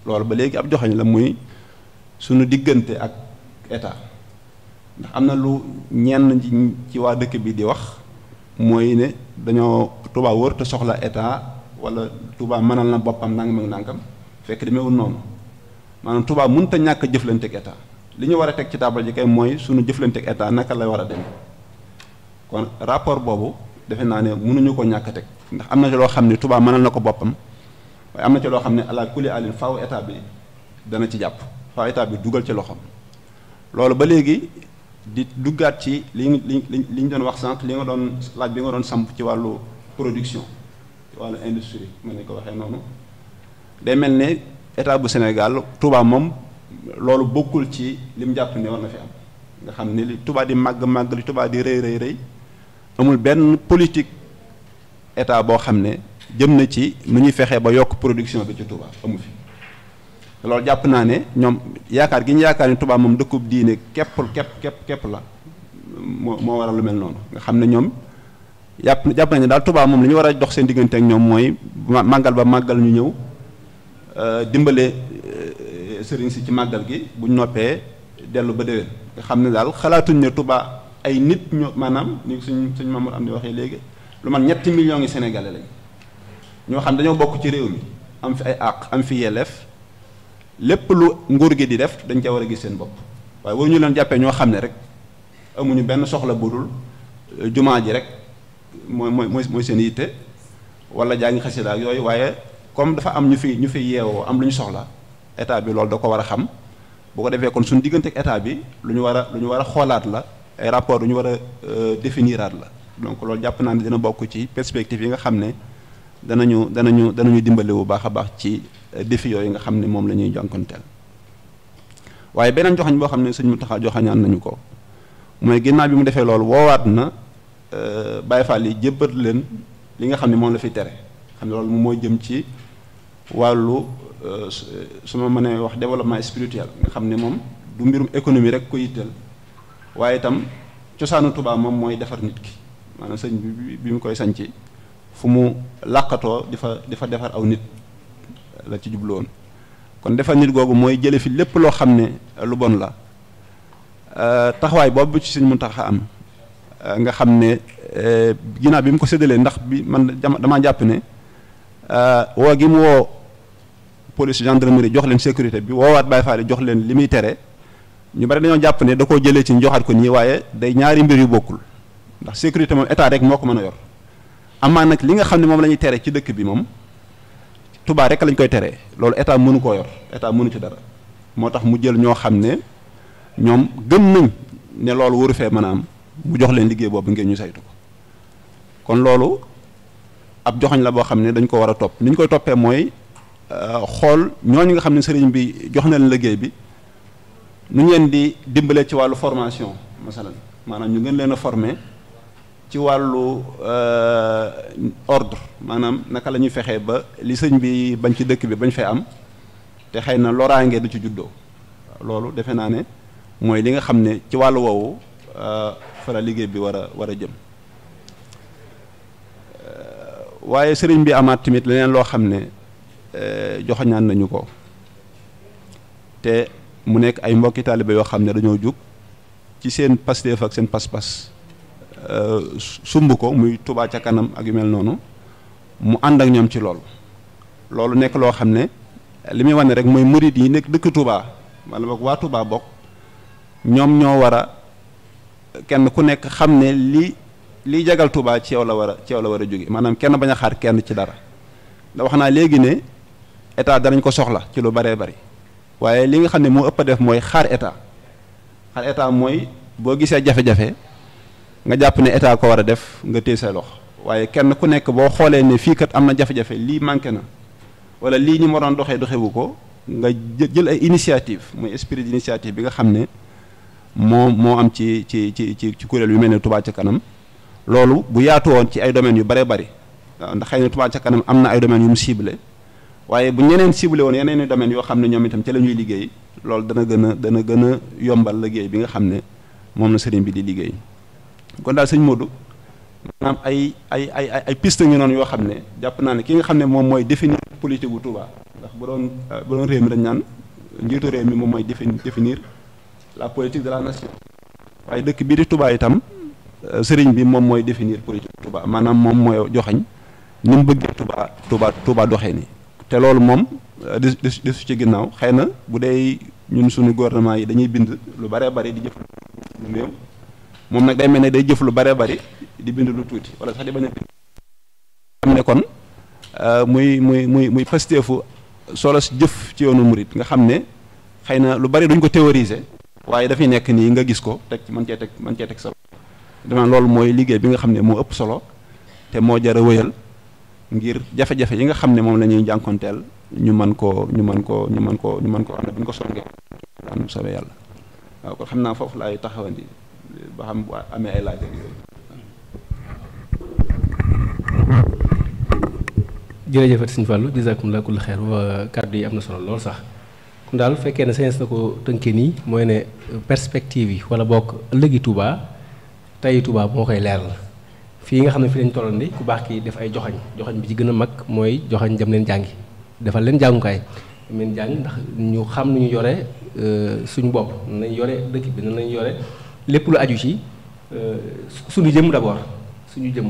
loolu ba léegi ab joxañ la muy suñu diggante ak état ndax am na lu ñenn ci waa dëkk bi di wax mooy ne dañoo tubaab wër te soxla état wala Touba mënal na boppam nangam ak nangam fekk demeewul noonu maanaam Touba mënut te ñàkk a jëflanteeg état li ñu war a teg ci taabal ji kay mooy suñu jëflanteeg état naka lay war a demee kon rapport boobu defe naa ne mënuñu ko ñàkk teg ndax am na ci loo xam ne Touba mënal na ko boppam waaye am na ci loo xam ne ala kulli alin faw état bi dana ci jàpp faaw état bi dugal ci loxoom loolu ba léegi. di duggaat ci li li li ñu doon wax sànq li nga doon laaj bi nga samp ci wàllu production wàllu industrie mën nañu ko waxee noonu day mel ne état bu Sénégal Touba moom loolu bokkul ci li mu jàpp ne war na fi am nga xam ne li Touba di màgg màgg li Touba di rëy rëy rëy amul benn politique état boo xam ne jëm na ci nu ñuy fexee ba yokk production bi ci Touba amu fi loolu jàpp naa ne ñoom yaakaar gi ñu yaakaar ni Touba moom dëkkub diine képp képp képp képp la moo moo waral mel noonu nga xam ne ñoom. yàpp jàpp nañ ne daal tubaa moom li ñu war a dox seen diggante ak ñoom mooy màggal ba màggal ñu ñëw euh, dimbale euh, sëriñ si ci màggal gi bu noppee dellu ba déwén nga xam ne daal xalaatuñ ne tubaa ay nit ñu maanaam ni suñ suñ Mamadou am di waxee léegi lu man ñetti millions yi sénégalais lañ ñoo xam ne dañoo bokk ci réew mi am fi ay àq am fi yelleef lépp lu nguur gi di def dañ ca war a gis seen bopp waaye waruñu leen jàppee ñoo xam ne rek amuñu benn soxla budul euh, jumaa ji rek. mooy mooy mooy seen yitte wala jaa ngi xasida ak yooyu waaye comme dafa am ñu fi ñu fi yeewoo am lu ñu soxla état bi loolu da ko war a xam boo ko defee kon suñu diggante ak état bi lu ñu war a lu ñu war a xoolaat la ay rapport lu ñu war a euh, niiraat la donc loolu jàpp naa ne dina bokk ci perspective yi nga xam ne danañu danañu danañu dimbali bu baax a baax ci euh, défi yooyu nga xam ne moom la ñuy jànkonteel waaye beneen joxañ boo xam ne sëñ mu taxa joxañaan nañu ko mooy Euh, Baye Fall yi jébbat leen li nga xam ne moom la fi tere xam ne loolu moo jëm ci wàllu euh, su ma mënee wax développement spirituel nga xam ne moom du mbirum économie rek ko yitteel waaye itam cosaanu Tuubaa moom mooy defar nit ki maanaam sëñ bi bi mu koy sañ ci fu mu làqatoo di fa di fa defar aw nit la ci jublu woon kon defar nit googu mooy jële fi lépp loo xam ne lu bon la euh, taxawaay boobu ci sëñ Muntaxa am nga xam ne eh, ginnaaw bi mu ko séddalee ndax bi man damaa jàpp ne eh, woo gi mu woo police gendarmerie jox leen sécurité bi woowaat Baye Fall jox leen li muy tere ñu bari dañoo jàpp ne da koo jëlee ci ñu joxaat ko nii waaye day ñaari mbir yu bokkul ndax sécurité moom état rek moo ko mën a yor amaa nag li nga xam ne moom la ñuy tere ci dëkk bi moom tubaar rek lañ koy teree loolu état mënu koo yor état mënu ci dara moo tax mu jël ñoo xam ne ñoom gëm nañ ne loolu waru fee mën a am mu jox leen liggéey boobu ngeen ñu saytu ko kon loolu ab joxoñ la boo xam ne dañ ko war a topp ni ñu koy toppee mooy euh, xool ñooñu nga xam ne sëriñ bi jox na leen liggéey bi nu ñu leen di dimbalee ci wàllu formation masalan maanaam ñu ngeen leen a ci wàllu euh, ordre maanaam naka la ñuy fexee ba li sëñ bi bañ ci dëkk bi bañ fay am te xëy na loraange du ci juddoo loolu defe naa ne mooy li nga xam ne ci wàll woowu euh, fa la liggéey bi war a war a jëm euh, waaye sëriñ bi amaat tamit leneen loo xam ne euh, joxoñaan nañu ko te mu nekk ay mbokki taalibe yoo xam ne dañoo jug ci seen pasteef ak seen pas-pas euh, sumb ko muy tubaa ca kanam ak yu mel noonu mu ànd ak ñoom ci lool loolu nekk loo xam ne li muy ne rek mooy murid yi nekk dëkk tubaa wala boog waa Touba bokk ñoom ñoo war kenn ku nekk xam ne lii liy jagal Touba ci yow la war a ci yow la war a jóge maanaam kenn bañ a xaar kenn ci dara da wax naa léegi ne état danañ ko soxla ci lu baree bari waaye li nga xam ne moo ëpp a def mooy xaar état xaar état mooy boo gisee jafe-jafe nga jàpp ne état ko war a def nga téye sa loxo waaye kenn ku nekk boo xoolee ne fii kat am na jafe-jafe lii manqué na wala lii ñi ma doon doxee doxewu ko nga jël ay initiative muy esprit d'initiative bi nga xam ne moom moo am ci ci ci ci ci kuréel yu mel ne Touba ca kanam loolu bu yaatu woon ci ay domaines yu bare bari ndax xëy na Touba ca kanam am na ay domaines yu mu ciblé waaye bu ñeneen ciblé woon yeneen i domaines yoo xam ne ñoom itam ci la ñuy liggéey loolu dana gën a dana gën a yombal liggéey bi nga xam ne moom na sëriñ bi di liggéey kon daal sëñ Modou maanaam ay ay ay ay piste ngi noonu yoo xam ne jàpp naa ne ki nga xam ne moom mooy définir politique gu Touba ndax ba doon bu doon réew naan njiitu réew mi moom mooy définir la politique de la nation waaye dëkk bii di Touba itam euh, sëriñ bi moom mooy définir politique Touba maanaam moom mooy joxañ ni mu bëggee Touba Touba Touba doxee nii te loolu moom euh, des desu ci ginnaaw xëy na bu dee ñun suñu gouvernement yi dañuy bind lu bare bari di jëf lu néew moom nag day mel ne day jëf lu bare bari di bind lu tuuti wala sax di bañ a bind xam ne kon euh, muy muy muy muy pasteefu solo si jëf ci yoonu murit nga xam ne xëy na lu bari dañu ko théoriser waaye dafay nekk nii nga gis ko teg mën cee teg mën cee teg sa dama loolu mooy liggéey bi nga xam ne moo ëpp solo te moo jar a wëyal ngir jafe-jafe yi nga xam ne moom lañuy ñuy jànkonteel ñu mën koo ñu mën koo ñu mën koo ñu mën koo am na ñu ko songee am soobee yàlla waaw xam naa foofu laay taxawandi xam bu amee ay laaj ak yooyu. jërëjëfat Sëñ Fallou jazaakumullaahu kulla xeer wa yi am na solo lool sax. kon daal fekkee ne sañes na ko tënkee nii mooy ne perspective yi wala bokk ëllëgi Touba tey Touba moo koy leeral fii nga xam ne fi lañ toll ni ku baax ki def ay joxañ joxañ bi ci gën a mag mooy joxañ jam leen jàngi defal leen jàngukaay jam leen jàng ndax ñu xam nu ñu yore euh, suñu bopp nan lañ yore dëkk bi nan lañ yore lépp lu aju ci euh, suñu jëm d'abord suñu jëm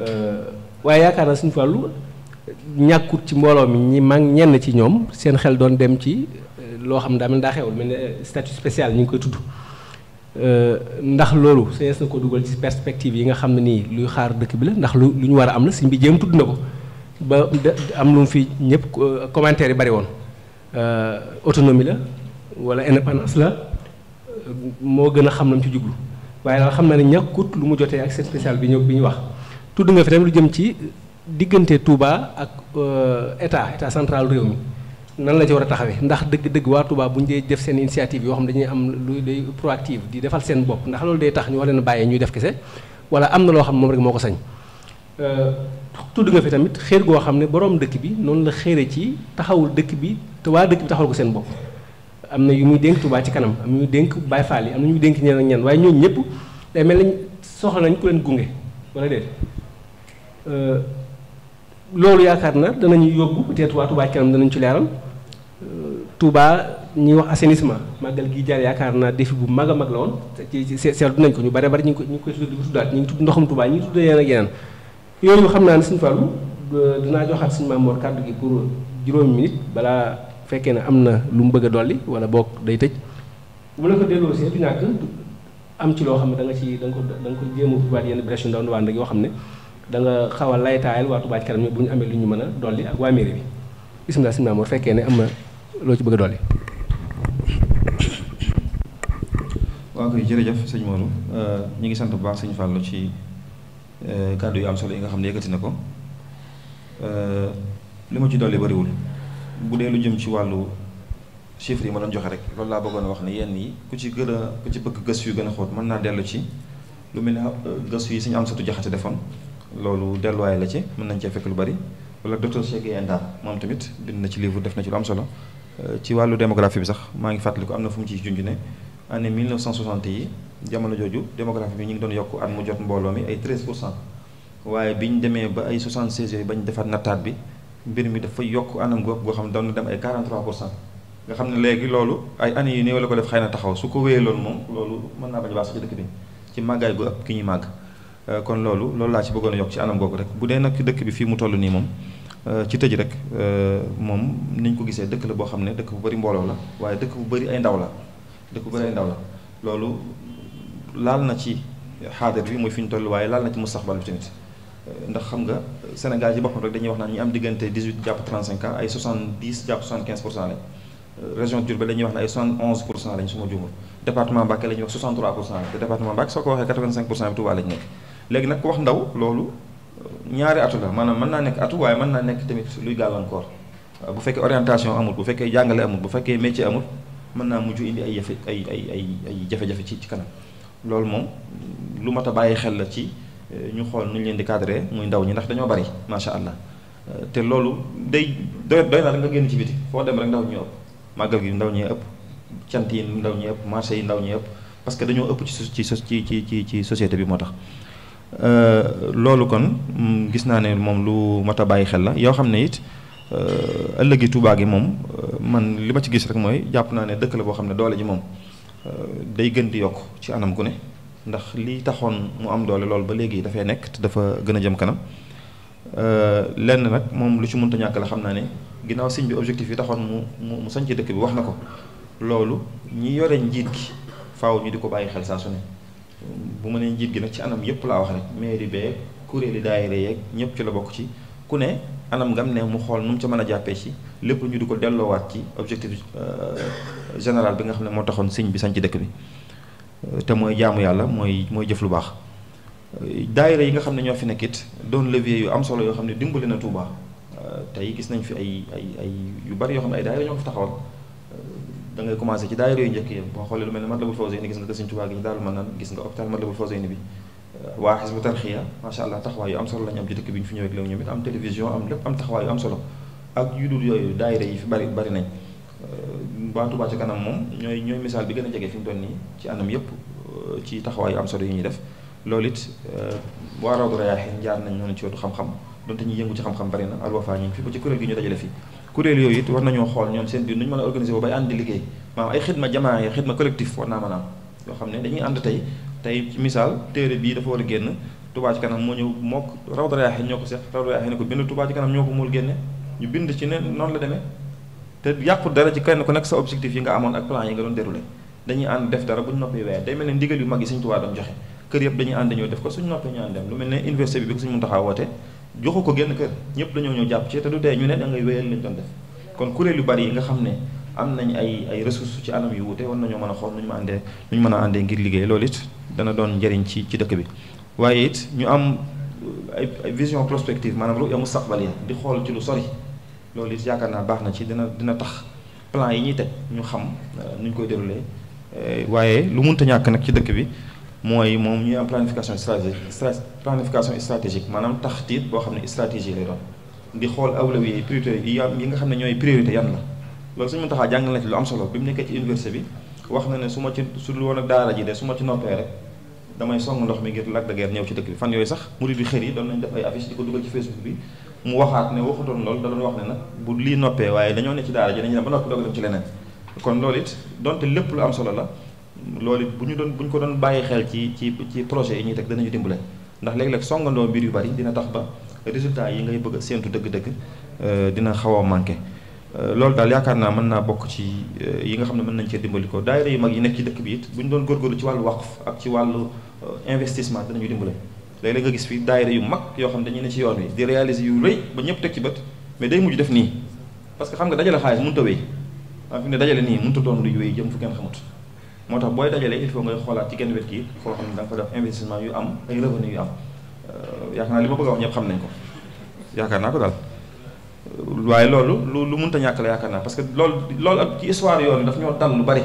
euh, waaye yaakaar naa suñu fàllu ñàkkut ci mbooloo mi ñi mag ñenn ci ñoom seen xel doon dem ci eh, loo xam daa mel daa xewul mel ne eh, statut spécial ñu ngi koy tudd eh, ndax loolu sañees na ko dugal ci perspective yi nga xam ne ni luy xaar dëkk bi la ndax lu lu ñu war a am la suñ bi jëm tudd na ko ba am lu mu fi ñëpp commentaire yi bari woon autonomie la wala indépendance la moo gën a xam nam ci jublu waaye daal xam na ne ñàkkut lu mu jotee ak seen spécial bi ñu bi ñu wax tudd nga diggante Touba ak euh, état état central réew mi nan la ci war a taxawee ndax dëgg-dëgg waa Touba bu ñu dee def seen initiative yoo xam dañuy am lu day defal seen bopp ndax day tax ñu war leen bàyyee ñuy kese wala am na loo xam moom rek moo ko sañ. Euh, tudd nga fi tamit xéer goo xam ne borom dëkk bi noonu la xéere ci taxawul dëkk bi te waa dëkk bi taxawul ko seen bopp am na yu muy dénk Touba ci kanam am ñu dénk Baye Fall yi am na ñu dénk ñeneen ak ñeneen waaye ñooñu ñëpp day mel ni soxla nañ ku leen gunge wala déet. Euh, loolu yaakaar na danañu yóbbu peut-être waa Touba kanam danañ ci leeral tubaa ñuy wax assainissement màggal gi jaar yaakaar naa defi bu mag a mag la woon ci seetlu nañ ko ñu bare bari ñu ngi koy ñu ngi koy tudd di ñu ngi tudd ndoxum Touba ñu ngi tudd yeneen ak yeneen xam naa ne suñu fàllu euh, dinaa joxaat suñu Maam Mor kàddu gi pour juróomi minute balaa fekkee ne am na lu mu bëgg dolli wala bokk day tëj bu la ko delloo see du ñàkk am ci loo xam ne da nga ci da nga ko da nga ko jéem a yenn brèche yu ndaw ndawaan rek yoo xam ne da nga xaw a laytaayal waa Touba Ca Kanam bu ñu amee lu ñu mën a dolli ak waa mairie bi bisimilah sëñ Mamour fekkee ne am na loo ci bëgg a dolli. waaw koy jërëjëf sëñ Modou ñu ngi sant bu baax sëñ Fallou ci eh, kàddu yi am solo yi nga xam ne yëkkati na ko eh, li ma ci dolli bariwul bu dee lu jëm ci wàllu chiffres yi ma doon joxe rek loolu laa bëggoon a wax ne yenn yi ku ci gën a ku ci bëgg gëstu yu gën a xóot mën naa dellu ci lu mel ne eh, gëstu yi suñu am satu jaxate defoon loolu delluwaay la ci mën nañ cee fekk lu bari wala docteur Cheikh Guèye Ndar moom tamit bind na ci livre def na ci lu am solo euh, ci wàllu démographie bi sax maa ngi fàttaliku am na fu mu ciy junj ne année 1960 yi jamono jooju démographie bi ñu ngi doon yokk at mu jot mbooloo mi ay 13 pour cent waaye ñu demee ba ay 76 yooyu ba ñu defar nattaat bi mbir mi dafa yokk anam gox goo xam ne doon dem ay 43 pour cent nga xam ne léegi loolu ay années yu néew la ko def xëy na taxaw su ko wéyee loolu moom loolu mën naa bañ a baax ci dëkk bi ci màgg. Euh, kon loolu loolu laa ci bëggoon a yokk ci anam googu rek bu dee nag ci dëkk bi fii mu toll nii moom euh, ci tëj rek euh, moom niñ ko gisee dëkk la boo xam ne dëkk bu bëri mbooloo la waaye dëkk bu bëri ay ndaw la dëkk bu bëri ay ndaw la loolu laal na ci xaadir bi muy fi ñu toll waaye laal na ci mustaxbal bi tamit ndax xam nga Sénégal ci boppam rek dañuy wax naan ñi am diggante 18 jàpp jàpp 75 pour ay 71 pour cent lañ su pour cent lañ nekk léegi nag ku wax ndaw loolu ñaari atu la maanaam mën naa nekk atu waaye mën naa nekk tamit luy gàllankoor bu fekkee orientation amul bu fekkee jàngale amul bu fekkee métier amut mën naa mujj indi ay jafe ay ay ay ay jafe ci ci kanam loolu moom lu mat a bàyyi xel la ci eh, ñu xool nu leen di cadré muy ndaw ñi ndax dañoo bari macha allah eh, te loolu day doy doy na rek génn ci biti foo dem rek ndaw ñi ëpp màggal gi ndaw ñi ëpp cant yi ndaw ñi ëpp marché yi ndaw ñi parce que dañoo ëpp ci ci ci ci ci société bi moo tax. Euh, loolu kon mm, gis naa ne moom lu mat a bàyyi xel la yoo xam ne it euh, ëllëgi Touba gi moom euh, man li ma ci gis rek mooy jàpp naa ne dëkk la boo xam ne doole ji moom day gën di yokk ci anam gu ne ndax li taxoon mu am doole lool ba léegi dafay nekk te dafa gën a jëm kanam lenn nag moom lu ci mënta ñàkk la xam naa ne ginnaaw sëñ bi objectif yi taxoon mu mu mu sañ ci dëkk bi wax na ko loolu ñi yore njiit gi faaw ñu di ko bàyyi xel saa su ne. bu ma nee njiit gi nag ci anam yëpp laa wax rek mairie beeg kuréeli daayira yeeg ñëpp ci la bokk ci ku ne anam ngam ne mu xool nu mu ca mën a jàppee ci lépp ñu di ko delloowaat ci objectif euh, général bi nga xam ne moo taxoon sëñ bi sañ ci dëkk bi euh, te mooy jaamu yàlla mooy mooy jëf lu baax. Euh, daayira yi nga xam ne ñoo fi nekk don doon levier yu am solo yoo xam ne dimbali na Touba tey gis nañ fi ay ay ay yu bari yoo xam ne ay daayira ñoo ko fi taxawal. da ngay commencé ci daayira yu njëkk yi boo xoolee lu mel ne Matlabul Fawzayni gis nga ko Sëriñ Tuubaa gi ñu daal mën naan gis nga hôpital Matlabul Fawzayni bi euh, waa Hizbu euh, kanam moom ñooy ñooy misaal bi gën a jege fi mu toll nii ci anam yëpp euh, ci taxawaay am solo yu ñuy def loolu it waa Rawdu nañ noonu ci xam-xam donte ñuy yëngu ci xam-xam bari na Al Wafa ñu fi ba ci kuréel gi ñu dajale fii kuréel yooyu it war nañoo xool ñoom seen biir nu ñu mën a organiser ba bay ànd di liggéey maanaam ay xidma jamaa yi xidma collectif war naa mën am yoo xam ne dañuy ànd tey tey ci misaal téere bii dafa war a génn Touba ci kanam moo ñëw mook raw dara yaaxe ñoo ko seex raw dara yaaxe ne ko bind Touba ci kanam ñoo ko muul génne ñu bind ci ne noonu la demee te yàqu dara ci kenn ku nekk sa objectif yi nga amoon ak plan yi nga doon déroulé dañuy ànd def dara bu ñu noppee weer day mel ne ndigal yu mag yi Sëñ joxu ko génn kër ñëpp dañoo ñëw jàpp ci te du dee ñu ne da ngay wéyal lañ doon def kon kuréel yu bari yi nga xam ne am nañ ay ay ressources ci anam yu wuute war nañoo mën a xool nu ñu ma àndee nu ñu mën a àndee ngir liggéey loolu it dana doon njariñ ci ci dëkk bi waaye it ñu am ay vision prospective maanaam ruya mustaqbaliya di xool ci lu sori loolu it yaakaar naa baax na ci dina dina tax plan yi ñuy teg ñu xam euh, nu ñu koy déroulé euh, waaye lu munta ñàkk nag ci dëkk bi mooy moom ñuy am planification stratégique planification stratégique maanaam taxtiit boo xam ne stratégie lay doon di xool awlawi yi priorité yi yi nga xam ne ñooy priorité yan la loolu suñu mën taxaa jàng na lu am solo bi mu nekkee ci université bi wax na ne su ma ci su lu woon ak daara ji de su ma ci noppee rek damay song ndox mi ngir Lac de ñëw ci dëkk bi fan yooyu sax murid yu xër yi doon nañ def ay affiche di ko dugal ci facebook bi mu waxaat ne waxutoon loolu da doon wax ne nag bu waaye dañoo ne ci daara ji dañu ba noppi doog dem ci leneen kon loolu it donte lépp lu am solo la loolu bu ñu doon bu ñu ko doon bàyyi xel ci ci ci projet yi ñuy teg danañu dimbale ndax léeg-léeg songandoo mbir yu bari dina tax ba résultat yi ngay bëgg a dëgg-dëgg euh, dina xaw a manqué. Euh, loolu daal yaakaar naa mën naa bokk ci euh, yi nga xam ne mën nañ cee dimbali ko daayira yu mag yi nekk ci dëkk bi it bu ñu doon góorgóorlu ci wàllu waqf ak ci wàllu investissement dimbale. léeg nga gis fi daayira yu mag yoo xam ne dañu ne ci yoon wi di réaliser yu rëy ba ñëpp teg ci bët mais day mujj def nii parce que xam nga dajale xaalis mënut a wéy fi ne dajale nii mënut a doon luy wéy jëm fu kenn xamut moo tax booy dajalee il faut ngay xoolaat ci genn wet gi foo xam ne da nga fa def investissement yu am ay revenu yu am euh, yaakaar naa li ma bëgg a ñëpp xam nañ ko yaakaar naa ko daal euh, waaye loolu lu lu mënta ñàkk la yaakaar naa parce que loolu loolu ak ci histoire yoon daf ñoo dal lu bari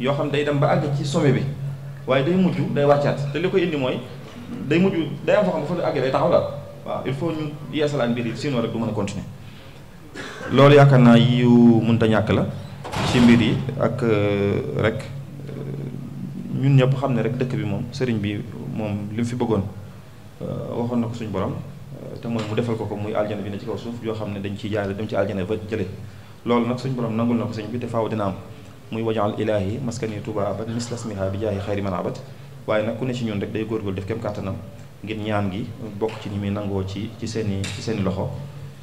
yoo xam day dem ba àgg ci sommet bi waaye day mujj day wàccaat te li koy indi mooy day mujj day am foo xam ne foo àggee day taxaw daal waaw il faut ñu yeesalaat mbir yi sinon rek du mën a continuer loolu yaakaar naa yu mënta ñàkk la ci mbir yi ak euh, rek ñun ñëpp xam ne rek dëkk bi moom sëriñ bi moom li mu fi bëggoon euh, waxoon na ko suñu borom euh, te mooy mu defal ko ko muy aljane bi ne ci kaw suuf yoo xam ne dañ ciy jaare dem ci aljana ba jële lool nag suñu borom nangul na ko sëñ bi te faaw dina am muy wajaal ilaahi maskani tuba abad mislasmiha bi jaayi xayri man abad waaye nag ku ne ci ñun rek day góorgóorlu def kem kàttanam ngir ñaan gi bokk ci ñi muy nangoo ci ci seeni ci seeni loxo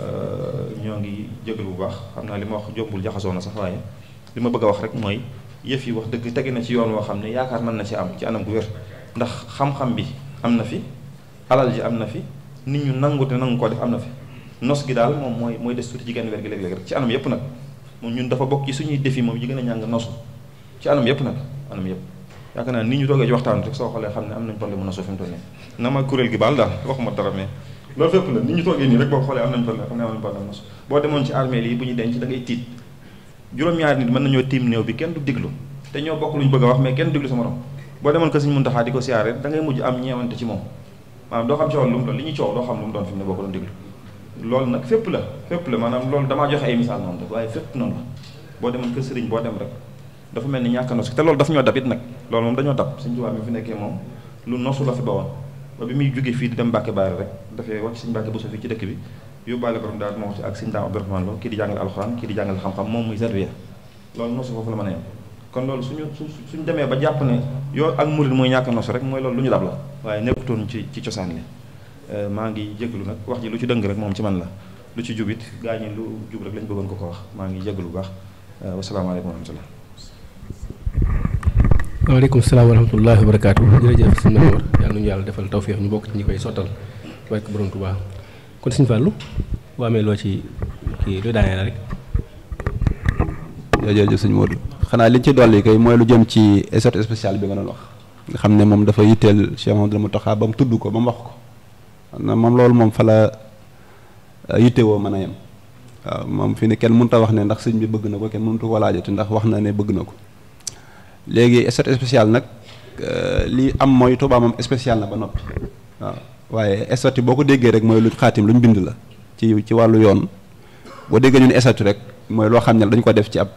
euh, ñoo ngi jégalu bu baax xam naa li ma wax jombul jaxasoo na sax waaye li ma bëgg a wax rek mooy yëf yi wax dëgg tege na ci yoon woo xam ne yaakaar mën na ci am ci anam gu wér ndax xam-xam bi am na fi alal ji am na fi nit ñu nangu te nangu koo def am na fi nos gi daal moom mooy mooy des tuuti ci genn wér gi léeg-léeg rek ci anam yëpp nag moom ñun dafa bokk ci suñuy défi moom yi gën a ñàng nosu ci anam yëpp nag anam yëpp yaakaar naa ni ñu toogee ci waxtaan rek soo xoolee xam ne am nañ problème mu na ma kuréel gi baal daal waxuma dara mais loolu fépp la ni ñu toogee nii rek boo xoolee am nañ problème xam ne am nañ problème nosu ñu denc da ngay tiit juróom-ñaari nit mën nañoo tiim néew bi kenn du diglu te ñoo bokk lu ñu bëgg a wax mais kenn diglu sa morom boo demoon ko Sëriñ Muntaxa di xam coow lu mu doon li ñu diglu loolu nag fépp la fépp la maanaam loolu damaa joxe ay misaal noonu rek waaye fépp noonu la boo demoon ko sëriñ boo dem rek dafa mel ni ñàkk a nos te loolu daf ñoo dab it nag loolu moom dañoo dab Sëriñ Tuubaa mi fi nekkee moom lu nosu la fi bawoon ba bi muy jógee fii di dem Mbàkke Baari rek dafay wàcc Sëriñ Mbàkke Buso fii ci dëkk bi yóbbaale borom daal moo ci ak sëñ daam Abdourahmane Lo kii di jàngal alxuraan kii di jàngal xam-xam moom muy servir loolu noosu foofu la mën a yem kon loolu suñu suñu demee ba jàpp ne yoo ak murid mooy ñàkk noosu rek mooy loolu lu ñu dab la waaye nekkutoon ci ci cosaan euh, maa ngi jégalu nag wax ji lu ci dëng rek moom ci man la lu ci jubit gaa ñi lu jub rek lañ bëggoon ko ko wax maa ngi jégalu lu baax euh, wasalaamaaleykum wa rahmatullah waaleykum salaam wa rahmatullahi wa barakaatu jërëjëf sëñ Mor yàlla nañu yàlla defal tawféex ñu bokk ci koy sottal barke borom Tuubaa kon suñu Fallou boo amee loo ci kii lu daanee la rek. suñu sëñ Modou xanaa li ci dolli kay mooy lu jëm ci exode spécial bi nga doon wax nga xam ne moom dafa yitteel Cheikh mu Mountakha ba mu tudd ko ba mu wax ko moom loolu moom fa la ah, woo mën a yam waaw moom fi ne kenn mënut a wax ne ndax sëñ bi bëgg na ko kenn mënut ko laajati ndax wax na ne bëgg na ko léegi exode spécial nag euh, li am mooy tubaabam moom spécial na ba noppi waaw. waaye estatu boo ko déggee rek mooy lu xaatim lu ñu bind la ci ci wàllu yoon boo déggee ñun estatu rek mooy loo xam ne dañ ko def ci ab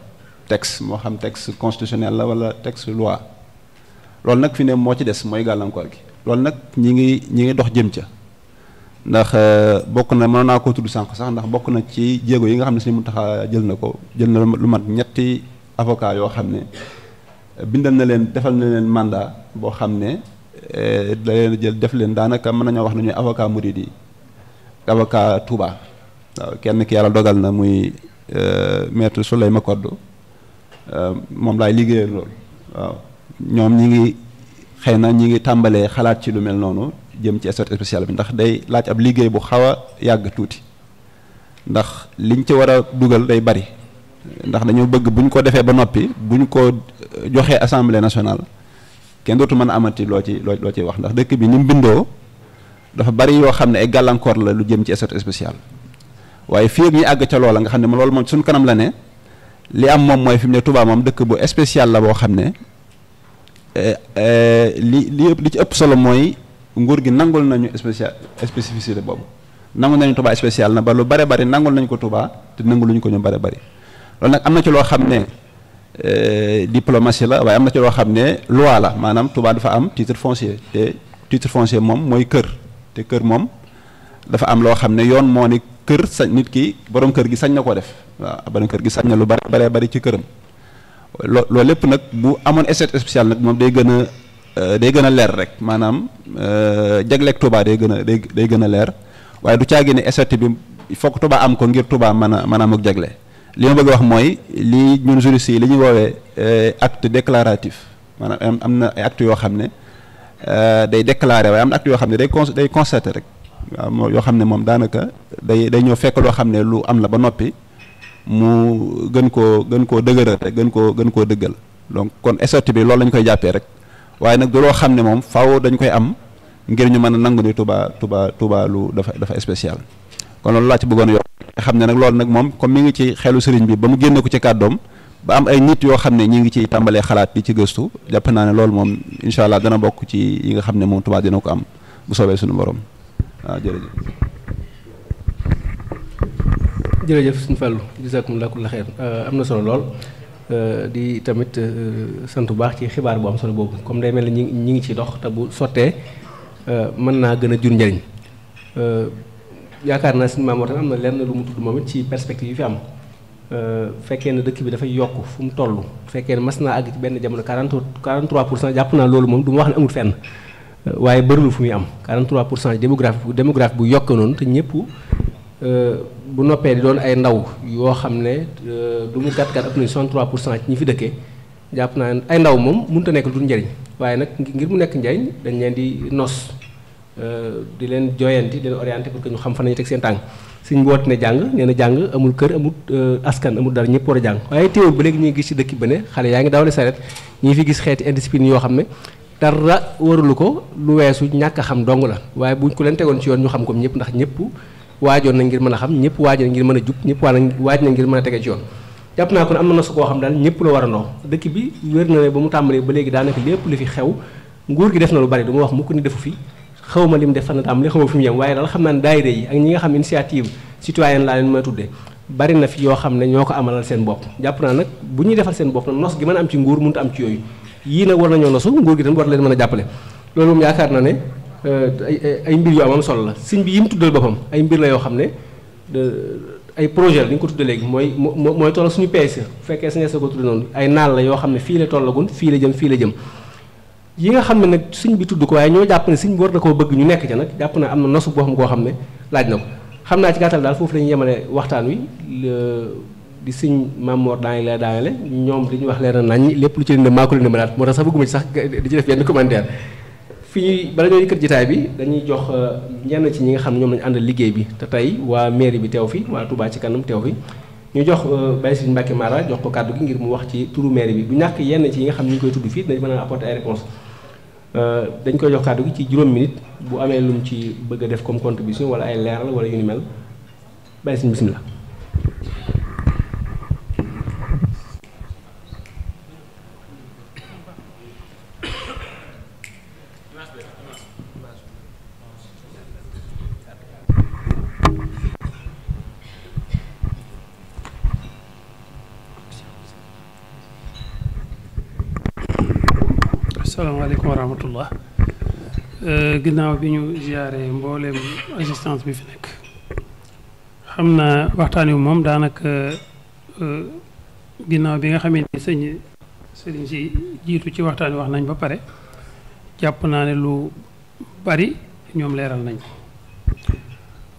texte moo xam texte constitutionnel la wala texte loi loolu nag fi ne moo ci des mooy gàllankoor gi loolu nag ñi ngi ñi ngi dox jëm ca ndax euh, bokk na mën naa ko tudd sànq sax ndax bokk na ci jéego yi nga xam ne si Sëriñ Mountakha jël na ko jël na lu mat ñetti avocat yoo xam ne bindal na leen defal na leen mandat boo xam ne Eh, da leen jël def leen daanaka mën nañoo wax ne ñuy avocat murid avocat Touba waaw kenn ki yàlla dogal na muy eh, maître Souley Makoddu eh, moom laay liggéeyal loolu waaw ñoom ñi ngi xëy na ñi ngi tàmbalee xalaat ci lu mel noonu jëm ci statut bi ndax day laaj ab liggéey bu xaw a yàgg tuuti ndax liñ ci war a dugal day bari ndax dañoo bëgg buñ ko defee ba noppi bu ñu ko joxee assemblée national kenn dootu mën a amati loo ci loo loo ciy wax ndax dëkk bi ni mu dafa bari yoo xam ne ay gàllankoor la lu jëm ci statut spécial waaye fii ak ñuy àgg ca loola nga xam ne loolu moom suñu kanam la ne li am moom mooy fi mu ne Touba moom dëkk bu spécial la boo xam ne eh, eh, li li li ci ëpp solo mooy nguur gi nangul nañu spécial spécificité boobu nangul nañu Touba spécial na ba lu bare bari nangul nañu ko tubaa te nangul luñ ko ñu bare bari loolu xam ne. Euh, diplomatie la waaye am na ci loo xam ne loi la maanaam tubaa dafa am titre foncier te titre foncier moom mooy kër te kër moom dafa am loo xam ne yoon moo ne kër sañ nit ki borom kër gi sañ na ko def waaw borom kër gi sañ na lu bari baree bari ci këram loo loolu lépp nag bu amoon essai spécial nag moom day gën a euh, day gën a leer rek maanaam euh, jagleek tubaa day gën a day day gën a leer waaye du caagi ne esset bi il faut que am ko ngir Touba mën a mën a am ak jagle li ma bëgg wax mooy li ñun juristes yi li ñu woowee euh, acte déclaratif maanaam am na ay actes yoo xam ne euh, day déclaré waaye am na acte yoo xam ne day day constaté rek yoo xam ne moom daanaka day day ñëw fekk loo xam ne lu am la ba noppi mu gën koo gën koo dëgëral rek gën koo gën koo dëggal donc kon exercice bi loolu lañ koy jàppee rek waaye nag du loo xam ne moom faaw dañ koy am ngir ñu mën a nangu ni tubaa Touba Touba lu dafa dafa spécial. kon loolu laa ci bëggoon yokk nga xam ne nag loolu nag moom comme mi ngi ci xelu sëriñ bi ba mu génne ko ci kàddoom ba am ay nit yoo xam ne ñi ngi ciy tàmbalee xalaat di ci gëstu jàpp naa ne loolu moom incha allah dana bokk ci yi nga xam ne moom Touba dina ko am bu soobee suñu borom jërëjëf suñu fàllu jazakumullahu kullu xeer euh, am na solo lool euh, di tamit euh, sant bu baax ci xibaar bu am solo boobu comme day mel ni ñi ñi ngi ciy dox te bu sottee mën naa gën a jur njëriñ yaakaar naa suñu maamoor tam am na lenn lu mu tudd moom it ci perspective yi fi am euh, fekkee ne dëkk bi dafay yokk fu mu toll fekkee ne mas naa àgg ci benn jamono 40 43 pour cent jàpp naa loolu moom du ma wax ne amul euh, waaye bëriwul fu muy am 43 pour cent démographie démographie bu yokk noonu te ñëpp euh, bu noppee di doon ay ndaw yoo xam ne du mu gàtt gàtt ëpp na 63 pour cent ci ñi fi dëkkee jàpp naa ay ndaw moom mënut a nekk dul njëriñ waaye nag ngir mu nekk njëriñ dañ leen di nos. Euh, di leen joyanti di leen orienté pour que ñu xam fa nañu teg seen tànk suñ mboot ne jàng nee jàng amul kër amul euh, askan amul dara ñëpp war a jàng waaye teewul ba léegi ñuy gis ci dëkk ba ne xale yaa ngi dawale saret ñi fi gis xeeti indiscipline yoo xam ne dara warulu ko lu weesu ñàkk xam dong la waaye buñ ko leen tegoon ci yoon ñu xam ko ñëpp ndax ñëpp waajoon na ngir mën a xam ñëpp waajoon ngir mën a jub ñëpp waa waaj na ngir mën a tege ci yoon jàpp naa ko ne am na koo xam daal ñëpp la war a noo dëkk bi wér mu tàmbalee ba léegi daanaka lépp li fi xew nguur gi def na lu bari du ma wax mukk ni defu fi xaw ma lim def fan tam li xaw fi mu yem waaye daal xam naa ne daayira yi ak ñi nga xam initiative citoyenne laa leen may tuddee bari na fi yoo xam ne ñoo ko amalal seen bopp jàpp naa nag bu ñuy defal seen bopp nag gi mën am ci nguur mënut am ci yooyu yii nag war nañoo nosu nguur gi tam war leen mën a jàppale loolu yaakaar na ne euh, ay mbir yu am la sëñ bi yi mu tuddal boppam ay la yoo xam ne ay projet la ko tudde léegi mooy mooy toll suñu PSE fekkee sañee sa ko tudde noonu ay naal la yoo xam ne fii la tollagun fii la jëm fii la jëm yi nga xam ne nag sëñ bi tudd ko waaye ñoo jàpp ne sëñ bi war na koo bëgg ñu nekk ca nag jàpp na am na nosu boo xam xam ne laaj na ko xam naa ci gàttal daal foofu la ñuy yemale waxtaan wi di sëñ Mamoor daangi la daanale ñoom dañuy wax leer na nañ lépp lu ci leen maa ko leen ma daat moo sax bëgguma ci sax di ci def yenn commentaire fii bi dañuy jox euh, ñenn ci ñi nga xam ne ñoom lañu àndal liggéey bi te tey waa mairie bi teew fi waa Touba ci kanam teew fi ñu jox euh, Baye Sëriñ Mbacke Mara jox ko kàddu gi ngir mu wax ci turu mairie bi bu ñàkk yenn ci yi nga xam ne ñu koy tudd fii dañ mën a apporter ay Euh, dañ koy jox kàddu gi ci juróom minute bu amee lum ci bëgg a def comme contribution wala ay leeral wala yu ni mel bàyyi ginnaaw bi ñu ziyaare mbooleem assistance bi fi nekk xam naa waxtaan wi moom daanaka euh, ginnaaw bi nga xamee ni sëñ sëriñ si jiitu ci waxtaan wi wax nañ ba pare jàpp naa ne lu bari ñoom leeral nañ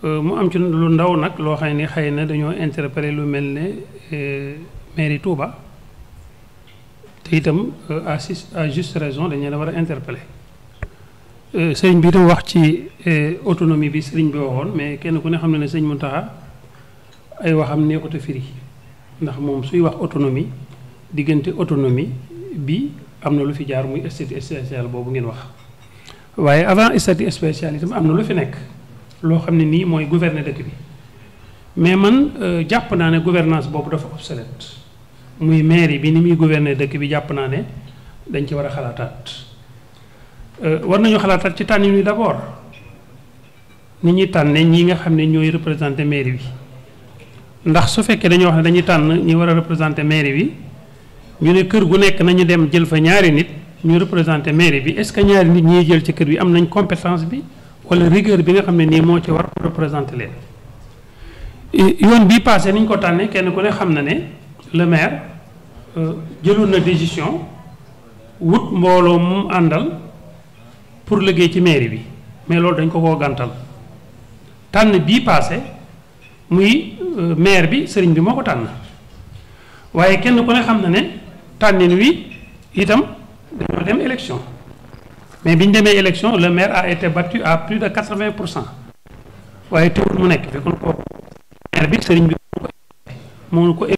euh, mu am ci lu ndaw nag loo xam ni xëy na dañoo interpellé lu mel ne euh, mairie Touba te itam à juste raison dañuy la war a interpellé sëriñ bi itam wax ci eh, autonomie bi sëriñ bi waxoon mais kenn ku ne xam na ne sëriñ Mountakha ay waxam neexut a firi ndax moom suy wax autonomie diggante autonomie bi am na lu fi jaar muy statut spécial boobu ngeen wax waaye avant statut spécial itam am na lu fi nekk loo xam ne nii mooy gouverner dëkk bi mais man euh, jàpp naa ne gouvernance boobu dafa obsolète muy mairie bi ni muy gouverner dëkk bi jàpp naa ne dañ ci war a xalaataat Euh, war nañu xalaataat ci tànn tànnin wi d'abord ni ñuy tànn ñi nga xam ne ñooy représenté mairie bi ndax su fekkee dañoo wax ne dañuy tànn ñi war a représenté mairie bi ñu ne kër gu nekk nañu dem jël fa ñaari nit ñu représenté mairie bi est-ce que ñaari nit ñiy jël ci kër bi am nañ compétence bi wala rigueur bi nga xam ne nii moo ci war représenté leen. yoon bii passé ni ñu ko tànnee kenn ku ne xam na ne le maire euh, jëloon na décision wut mbooloo mu àndal. pour liggéey ci mairie bi mais loolu dañ ko koo gàntal tànn bii paase muy euh, maire bi sëriñ bi moo ko tànn waaye kenn ku ne xam na ne tànnin wi itam dañoo dem élection mais bi ñu demee élection le maire à été battu à plus de quatre-vingts pour cent waaye teewul mu nekk fi kon ko maire bi sëriñ bi moo ko bi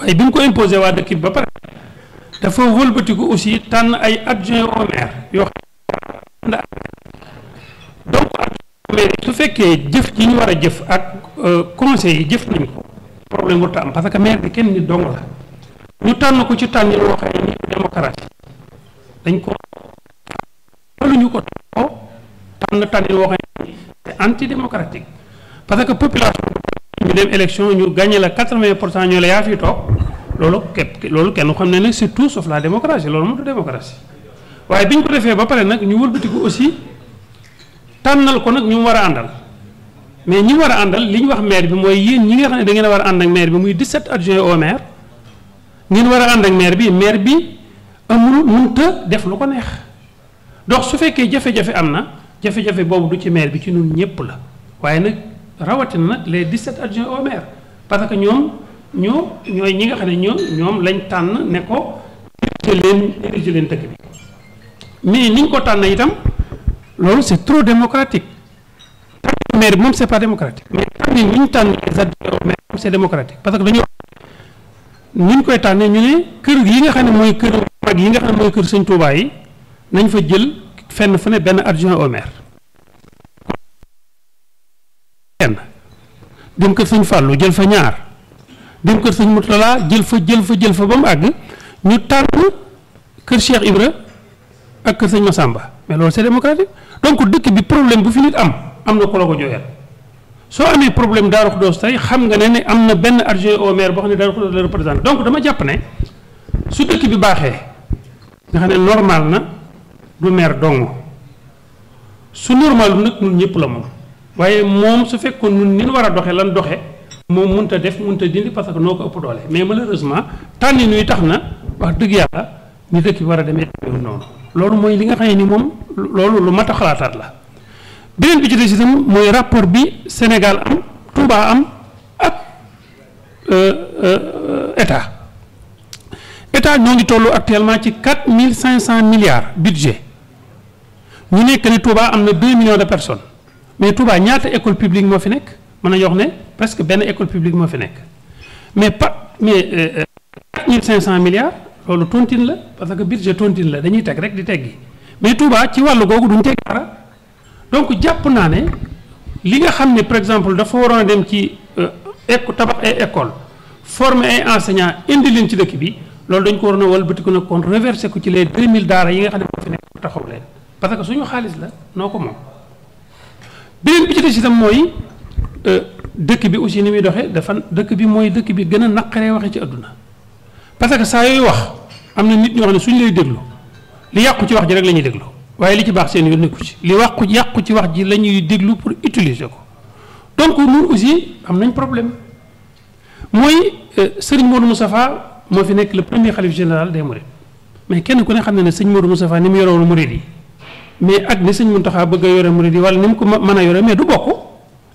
waaye bi mu ko imposé waa dëkk bi ba pare dafa wëlbatiku aussi tànn ay adjoint au maire yoo xam donc su fekkee jëf ji ñu war a jëf ak euh, conseil yi jëf nañ ko problème warta am parce que maire bi kenn nit dong la ñu tànn ko ci tànnin woo xam ne démocratie dañ ko waluñu ko ko tànn tànnin woo xam ne c'est antidémocratique parce que population ñu dem élection ñu gagné la quatre-vingt pour cent ñoo la yaa fi toog loolu kepp loolu kenn xam ne ne c'est tout sauf la démocratie loolu moom du démocratie waaye bi ñu ko defee ba pare nag ñu ko aussi tànnal ko nag ñu war a àndal mais ñi war a àndal li ñu wax maire bi mooy yéen ñi nga xam ne da ngeen war a ànd ak maire bi muy 17 adjoint au maire ngeen war a ànd ak maire bi maire bi amul munta def lu ko neex dox su fekkee jafe-jafe am na jafe-jafe boobu du ci maire bi ci ñun ñëpp la waaye nag rawatina nag les 17 adjoints au maire parce que ñoom. ñoo ñooy ñi nga xam ne ñoo ñoom lañ tànn ne ko dirige leen mais niñ ko tànn itam loolu c'est trop démocratique tànn maire moom c'est pas démocratique mais tànn ñu tànn les adjoints maire moom parce que dañoo ni ñu koy tànnee ñu ne kër yi nga xam ne mooy kër mag yi nga xam ne mooy kër sëñ Tuubaa yi nañ fa jël fenn fu ne benn adjoint au maire kenn dem kër sëñ Fàllu jël fa ñaar dem kër sëñ Mourtala jël fa jël fa jël fa ba mu àgg ñu tànn kër Cheikh Ibra ak kër sëñ Massamba mais loolu c'est démocratique donc dëkk bi problème bu fi nit am am na ko la ko jooyal soo amee problème Darou Khoudoss tey xam nga ne ne am na benn adjoint au maire boo xam ne Darou Khoudoss la représenté donc dama jàpp ne su dëkk bi baaxee nga xam ne normal na du maire dong su normal nag ñun ñëpp la moom waaye moom su fekkoon ñun ni ñu war a doxee lan doxee. moom mënut a def mënut a dindi parce que noo ko ëpp doole mais malheureusement tànn nuy tax na wax dëgg yàlla ni dëkk bi war a demee noonu loolu mooy li nga xam ni moom loolu lu mat a xalaataat la beneen bi ci des itam mooy rapport bi Sénégal am Touba am ak euh, euh, état état ñoo ngi tollu actuellement ci quatre mille cinq cent milliards budget ñu nekk ni Touba am na deux millions de personnes mais Touba ñaata école publique moo fi nekk. mën nañu wax ne presque benn école publique moo fi nekk mais pa mais 4500 euh, euh, milliards loolu tontine la parce que budget tontine la dañuy teg rek di teggi mais Touba ci wàll googu duñ teg dara donc jàpp naa ne li nga xam ne par exemple dafa waroon a dem ci euh, éco tabax ay école former ay enseignants indi leen ci dëkk bi loolu dañ ko waroon a walbatiku nag kon reversé ko ci les 2000 daara yi nga xam ne moo fi nekk taxaw leen parce que suñu xaalis la noo ko moom beneen bi ci des mooy. Euh, dëkk bi aussi ni muy doxe dafa dëkk bi mooy dëkk bi gën a naqaree waxee ci adduna parce que saa yooy wax am na nit ñoo xam ne suñ lay déglu li yàqu ci wax ji rek la ñuy déglu waaye li ci baax seen yoon nekku ci li wax ku yàqu ci wax ji la ñuy déglu pour utiliser ko donc ñun aussi am nañ problème mooy euh, Serigne Modou Moustapha moo fi nekk le premier xalif général des Mourides mais kenn ku ne xam na ne sëñ Modou Moustapha ni mu yoroon Mouride yi mais ak ni a yore Mouride yi wala ni mu mën a yore mais du bokk.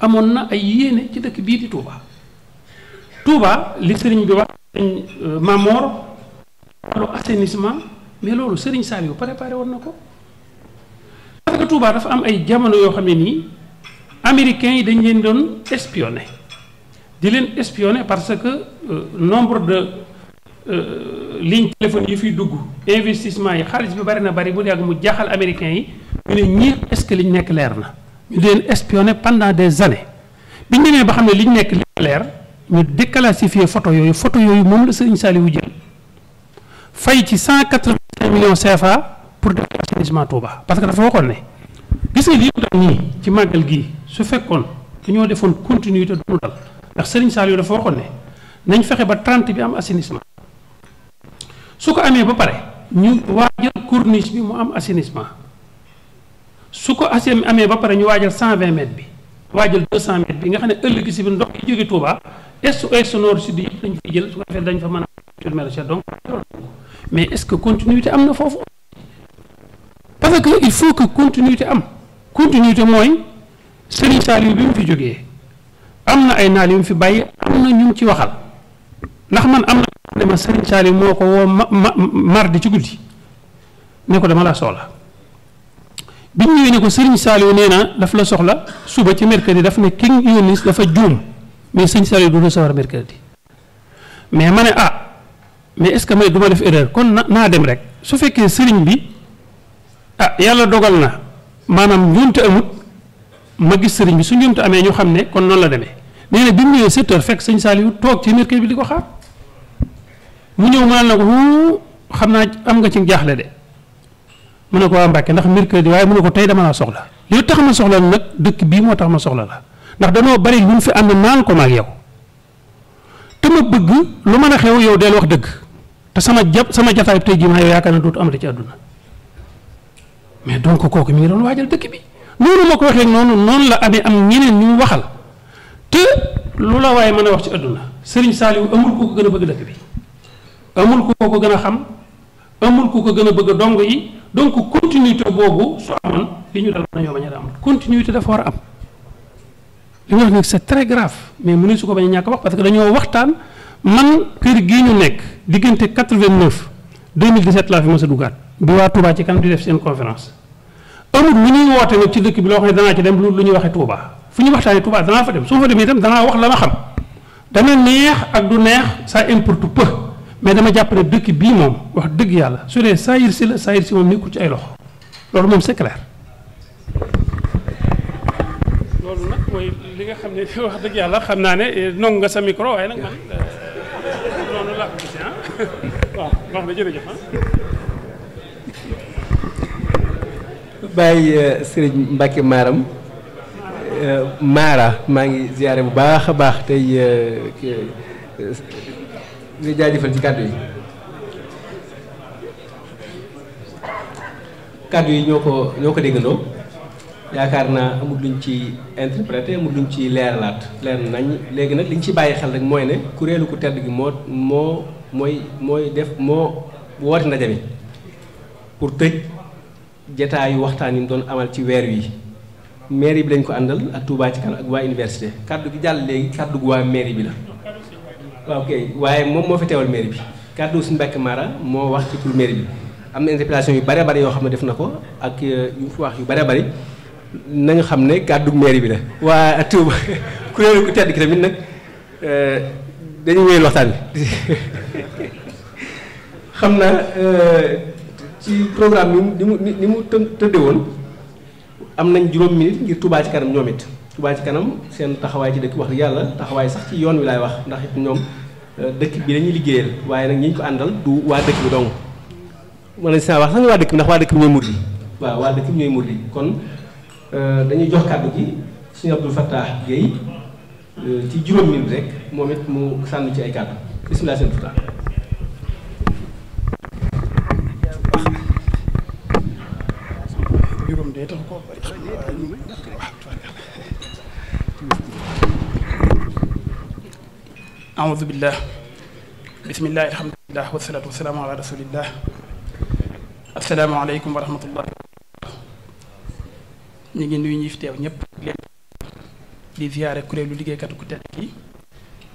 amoon na ay yéene ci dëkk bii di Touba Touba li sëriñ bi wax euh, Mamor wàllu assainissement mais loolu sëriñ Saliou préparé woon na ko parce que Touba dafa am ay jamono yoo xam ne nii américains yi dañ leen doon espionné di leen espionné parce que euh, nombre de euh, lignes téléphoniques yi fiy dugg investissement yi xaalis bi bari na bari bu dee ak mu jaaxal américains yi ñu ne ñii est-ce que liñ nekk leer na. ñu leen espionné pendant des années bi ñu demee ba xam ne li ñu nekk li leer ñu déclassifié photo yooyu photo yooyu moom la Serigne Saliou jël fay ci cent quatre-vingt-cinq millions pour def assainissement Touba parce que dafa waxoon ne gis nga lii mu dal nii ci màggal gi su fekkoon dañoo defoon continuité du mu dal ndax Serigne Saliou dafa waxoon ne nañ fexe ba trente bi am assainissement su ko amee ba pare ñu waajal corniche bi mu am assainissement. su ko ACM amee ba pare ñu waajal cent vingt mètres bi waajal deux cent mètres bi nga xam ne ëllëg si biir ndox yi jóge Touba est ouest nord sud yëpp dañ fiy jël su ko defee dañ fa mën a culture maraîchère donc mais est-ce que continuité am na foofu parce que il faut que continuité am continuité mooy Serigne Saliou bi mu fi jógee am na ay naal yu mu fi bàyyi am na ñu mu ci waxal ndax man am na dama Serigne moo ko woo ma mardi ci guddi ne ko dama laa soxla bi ñu ñëwee ne ko sëriñ Saliou nee na daf la soxla suba ci mercredi daf ne ki ñu yónni dafa juum mais sëriñ Saliou du recevoir mercredi mais ma ne ah mais est-ce que may du ma def erreur kon naa dem rek su fekkee sëriñ bi ah yàlla dogal na maanaam njuumte amut ma gis sëriñ bi su njuumte amee ñu xam ne kon noonu la demee nee na bi mu ñëwee 7 heures fekk sëriñ Saliou toog ci mercredi bi di ko xaar mu ñëw mënal na ko xam naa am nga ci jaaxle de. mu ne ko waa Mbàkke ndax mercredi waaye mu ne ko tey dama laa soxla li tax ma soxla nag dëkk bii moo tax ma soxla la ndax danoo bari lu fi ànd naan ko maag yow te ma bëgg lu mën a xew yow del wax dëgg te sama jàpp sama jataay tey jii maa yow yaakaar na dootu amati ci àdduna mais donc kooku mu ngi doon waajal dëkk bi noonu ma ko waxee noonu noonu la amee am ñeneen ñu mu waxal te lu la waaye mën a wax ci àdduna Sëriñ Saaliw amul koo ko gën a bëgg dëkk bi amul koo ko gën a xam. amul ku ko gën a bëgg a yi donc continuité boobu su amoon fii ñu dal mën nañoo bañ a am continuité dafa war a am li nga wax ni c'est très grave mais mënuñ su ko bañ ñàkk wax parce que dañoo waxtaan man kër gii ñu nekk diggante 89 2017 laa fi mos a duggaat bi waa Touba ci kanam di def seen conférence amul lu ñuy woote nag ci dëkk bi loo xam ne danaa ci dem lu ñu waxee Touba fu ñu waxtaanee Touba danaa fa dem su ma fa demee itam danaa wax la ma xam dana ak du neex ça importe peu. mais dama jàpp ne dëkk bii moom wax dëgg yàlla su dee saayir si la saayir si moom nekkul ci ay loxo loolu moom c'est clair. loolu nag mooy li nga xam ne (laughs) wax dëgg yàlla xam naa ne eh, nong nga sa micro waaye nag man eh, noonu laa maa ngi ziare bu baax a baax tey. Eh, di jaajëfal ci kàddu yi kàddu yi ñoo ko ñoo ko déggandoo yaakaar naa amul luñ ci interprété amul luñ ci leeralaat leer nañ léegi nag liñ ci bàyyi xel rek mooy ne kuréelu ku tedd gi moo moo mooy mooy def moo woote ndaje bi pour tëj jataayu waxtaan yi mu doon amal ci weer wi mairie bi lañ ko àndal ak Touba ci kan ak waa université kàddu gi jàll léegi kàddu gu waa mairie bi la waaw waaye moom moo fi teewal mairie bi kàddu si Mbàkke Mara moo wax ci pour mairie bi am na interpellation yu bare bari yoo xam ne def na ko ak euh, yu wax yu bare bari na nga xam ne kàddu mairie bi la. waa Touba (laughs) kuréelu ku tedd ki tamit nag euh, dañuy wéyal waxtaan bi (laughs) xam na euh, ci programme bi ni mu ni mu tëdde woon am nañ juróom minute ngir Touba ci kanam ñoom waa ci kanam seen taxawaay ci dëkk wax dëgg yàlla taxawaay sax ci yoon wi laay wax ndax it ñoom euh, dëkk bi dañuy liggéeyal waaye nag ñi ko àndal du waa dëkk bi dong mën waa dëkk bi ndax waa dëkk bi ñooy murid waaw waa euh, dañuy jox kàddu gi suñu Abdou Fattah Gueye euh, rek moom it mu sànni ci ay kàddu bismillah seen Fattah juróom dee tax aoudu billah bismillah alhamdulillah wasalaatu wasalaamu ala rasulillah asalaamaaleykum wa rahmatullah ñu ngi nuyu ñi fi teew ñëpp di ziyaare kuréelu liggéeykatu ku tedd ki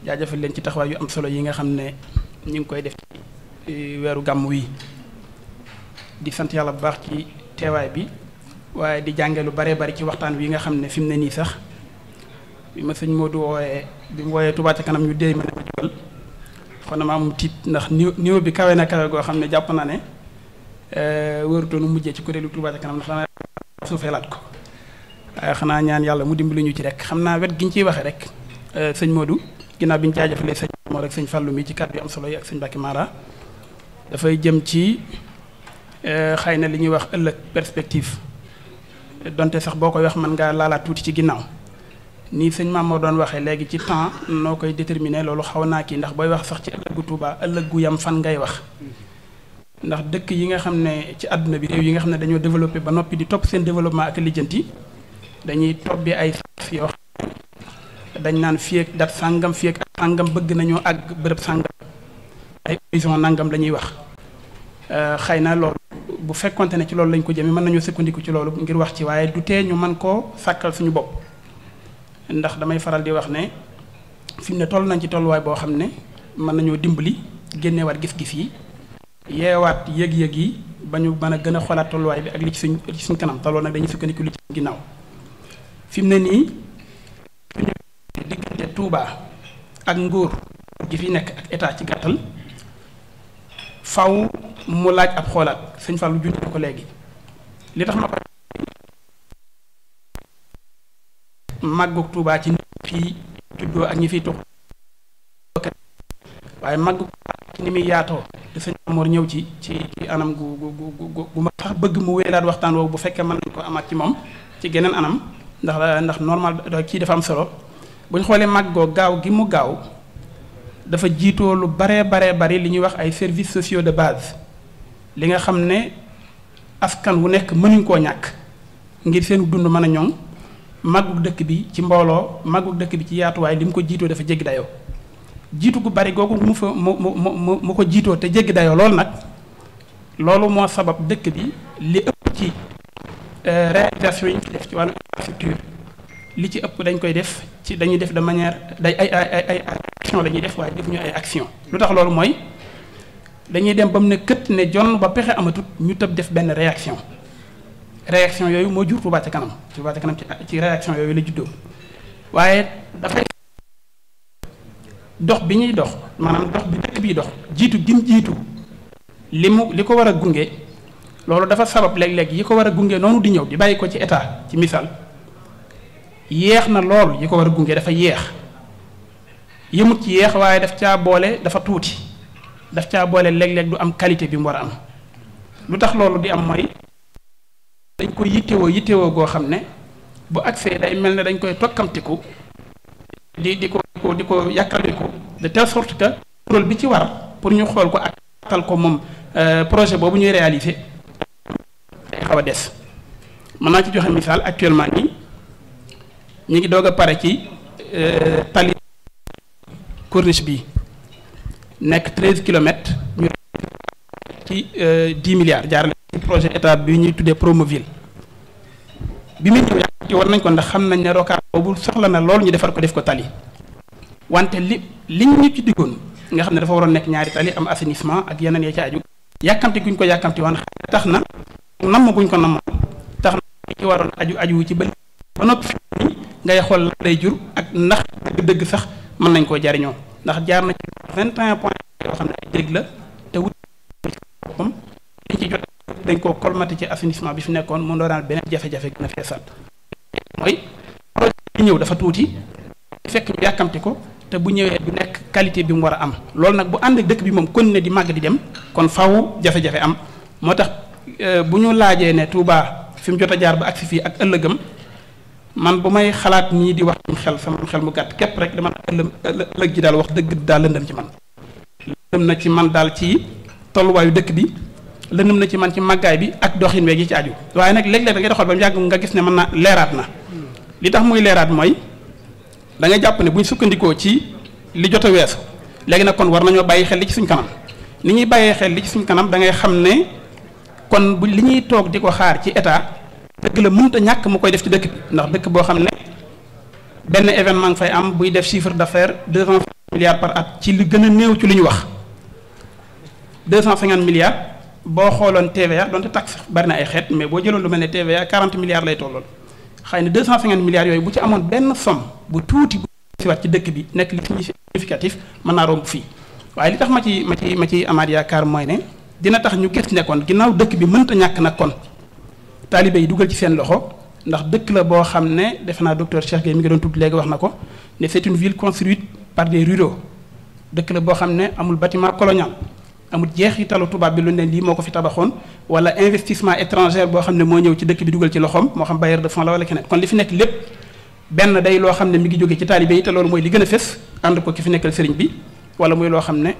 jaajëfal leen ci taxawaay yu am solo yi nga xam ne ñu ngi koy def ci weeru gàmm wi di sant yàlla bu baax ci teewaay bi waaye di jànge lu bare bari ci waxtaan wi nga xam ne fi mu ne nii sax bi ma sëñ Modou wooyee bi mu wooyee Touba ca kanam ñu déey ma ne ma jógal xaw na maa mu tiit ndax niveau bi kawe na kawe goo xam ne jàpp naa ne euh, wóorutoonu mujjee ci kuréelu Touba ca kanam ndax dana xanaa ñaan yàlla mu dimbali ñu ci rek xam naa wet gi ñu ciy waxee rek euh, sëñ Modou ginnaaw bi ñu jaajëfalee sëñ moo rek sëñ Fallou mi ci kàddu yu am solo yi ak sëñ Bakki Mara dafay jëm ci euh, xëy na li ñuy wax ëllëg perspective donte sax boo koy wax mën ngaa laalaat tuuti ci ginnaaw nii sëñ maam moo doon waxee léegi ci temps noo koy déterminer loolu xaw naa kii ndax booy wax sax ci ëllëgu Touba ëllëgu yam fan ngay wax ndax dëkk yi nga xam ne ci àdduna bi réew yi nga xam ne dañoo développé ba noppi di topp seen développement ak lijjanti dañuy topp bi ay saf yoo dañ naan fii ak dat sàngam fii sàngam bëgg nañoo àgg bërëb sàngam ay horizon nangam la ñuy wax euh, xay na loolu bu fekkonte ne ci loolu lañ ko jëmee mën nañoo sukkandiku ci loolu ngir wax ci du tee ñu mën koo sàkkal suñu bopp ndax damay faral di wax ne fi ne toll nañ ci tolluwaay boo xam ne mën nañoo dimbali génneewaat gis gis yi yeewaat yëg-yëg yi ba ñu mën a gën a xoolaat tolluwaay bi ak li ci suñ li ci suñ kanam te nag dañuy sukkandiku li ci ginnaaw fi mu ne nii diggante Touba ak nguur gi fi nekk ak état ci gàttal faw mu laaj ab xoolaat sëñ Fallou junj ko léegi li tax ma ko màggug Tuubaa ci fii ak ñi fiy tux waaye màggug ci ni muy yaatoo di sëñ Amoor ñëw ci ci anam gu gu gu gu ma sax bëgg mu wéelaat waxtaan woowu bu fekkee mën nañ ko amaat ci moom ci geneen anam ndax ndax normal kii dafa am solo bu ñu xoolee màggoo gaaw gi mu gaaw dafa jiitoo lu baree baree bari li ñuy wax ay services sociaux de base li nga xam ne askan wu nekk mënuñ koo ñàkk ngir seen dund mën a ñoŋ màggug dëkk bi ci mbooloo màggug dëkk bi ci yaatuwaay li mu ko jiitoo dafa jéggi dayoo jiitu gu bari googu mu fa mu mu mu ko jiitoo te jéggi dayoo loolu nag loolu moo sabab dëkk bi li ëpp ci euh, réalisation yi ñu def ci wàllu infrastructure li ci ëpp dañ koy def ci dañuy def de manière day ay ay ay action la ñuy def waaye defuñu ay action lu tax loolu mooy dañuy dem ba mu ne kët ne jonn ba pexe amatut ñu tëb def benn réaction réaction yooyu moo jur Touba ca kanam Touba ca kanam ci ci yooyu la juddoo waaye dafay dox bi ñuy dox maanaam dox bi dëkk biy dox jiitu gim jiitu li mu li ko war a gunge loolu dafa sabab léeg-léeg yi ko war a gunge noonu di ñëw di bàyyi ko ci état ci misaal yéex na lool yi ko war a gunge dafa yéex yëmut ci yéex waaye daf caa boole dafa tuuti daf caa boole léeg-léeg du am qualité bi mu war a am lu tax loolu di am mooy. dañ koy yittewoo yittewoo goo xam ne bu agsee day mel ne dañ koy tokkamtiku di di ko di ko di ko yàkkaliku de telle sorte que rôle bi ci war pour ñu xool ko ak tal ko moom euh, projet boobu ñuy réaliser day xaw a des mën naa ci joxe misaal actuellement nii ñu ngi doog pare ci euh, tali corniche bi nekk treize kilomètres ñu ci euh, dix milliards jaar na projet état bi ñuy tuddee Promoville bi muy ñëw yaa war nañ ko ndax xam nañ ne rokaat boobu soxla na loolu ñu defar ko def ko tali wante li liñ ñu ci diggoon nga xam ne dafa waroon nekk ñaari tali am assainissement ak yeneen ya ci aju yàkkamti guñ ko yàkkamti woon tax na namm guñ ko namm tax na ci waroon aju aju ci ba ba noppi ngay xool la lay jur ak ndax dëgg sax mën nañ koo jariñoo ndax jaar na ci vingt un point xam ne la boppam liñ ci jot dañ koo colmaté ci assainissement bi fi nekkoon mu doonaal beneen jafe-jafe gën a feesaat mooy projet ñëw dafa tuuti fekk ñu yàkkamti ko te bu ñëwee du nekk qualité bi mu war a am loolu nag bu ànd ak dëkk bi moom kon ne di màgg di dem kon faw jafe-jafe am moo tax euh, bu ñu laajee ne Touba fi mu jot a jaar ba agsi fii ak ëllëgam man bu may xalaat ñii di wax ci xel sama xel mu gàtt képp rek dama ëllëg ji daal wax dëgg daal lëndëm ci man lëndëm tolluwaayu dëkk bi lëndëm na ci man ci màggaay bi ak doxin weeg yi ci aju waaye nag léeg-léeg da ngay doxal ba mu yàgg nga gis ne mën na leeraat na li tax muy leeraat mooy dangay jàpp ne bu ñu sukkandikoo ci li jot a weesu léegi nag kon war nañoo bàyyi xel li ci suñ kanam ni ñuy bàyyee xel li ci suñ kanam da ngay xam ne kon bu li ñuy toog di ko xaar ci état dëgg la mënut ñàkk mu koy def ci dëkk bi ndax dëkk boo xam ne benn événement nga fay am buy def chiffre d'affaires deux cent milliards par at ci li gën a néew ci li ñu wax 250 milliards boo xooloon TVA donte taxe bari na ay xeet mais boo jëloon lu mel ne TVA 40 milliards lay tolloon xëy na 250 milliards yooyu bu ci amoon benn somme bu tuuti bu fi ci dëkk bi nekk li significatif mën naa romb fii waaye li tax ma ci ma ci ma ci amaat yaakaar mooy ne dina tax ñu gis nekkoon kon ginnaaw dëkk bi mënta ñàkk nag kon taalibe yi dugal ci seen loxo ndax dëkk la boo xam ne defe naa docteur Cheikh Gueye mi ngi doon tudd léegi wax na ko ne c'est une ville par des dëkk la boo xam ne amul bâtiment colonial jeex amul jeexitalu tubaab bi lu nee lii moo ko fi tabaxoon wala investissement étranger boo xam ne moo ñëw ci dëkk bi dugal ci loxoom moo xam bailleur de fonds la wala keneen kon li fi nekk lépp benn day loo xam ne mi ngi jóge ci taalibe yi te loolu mooy li gën a fës ànd ko ki fi nekkal sëriñ bi wala mooy loo xam ne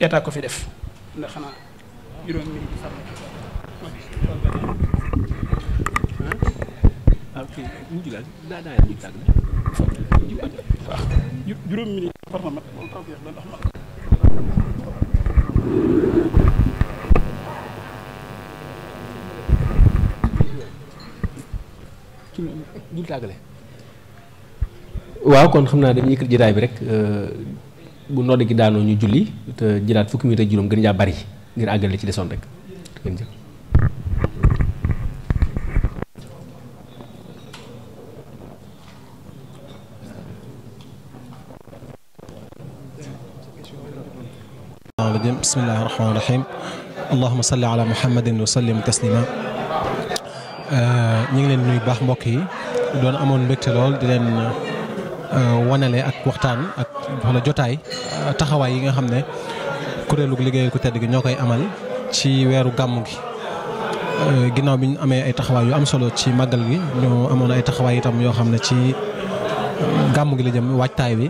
état ko fi def xanaa juróomi minute bi sax na waaw kon xam naa dañuy yëkkat jotaay bi rek euh, bu nodd gi daanoo ñu julli te jëlaat fukki minute ak juróom gën jaa bari ngir àggale ci desoon rek. rajim bismillahi rahmaani rahim allahuma salli ala muhammadin wa sallim taslima uh, ñu ngi leen nuyu baax mbokk yi doon amoon mbégte lool di leen uh, wanale ak waxtaan ak wala jotaay uh, taxawaay yi nga xam ne kuréelu liggéeyal ku tedd gi ñoo koy amal ci weeru gàmm gi ginnaaw bi ñu amee ay taxawaay yu am solo ci màggal gi ñu amoon ay taxawaay itam yoo xam ne ci gàmm gi la jëm waajtaay wi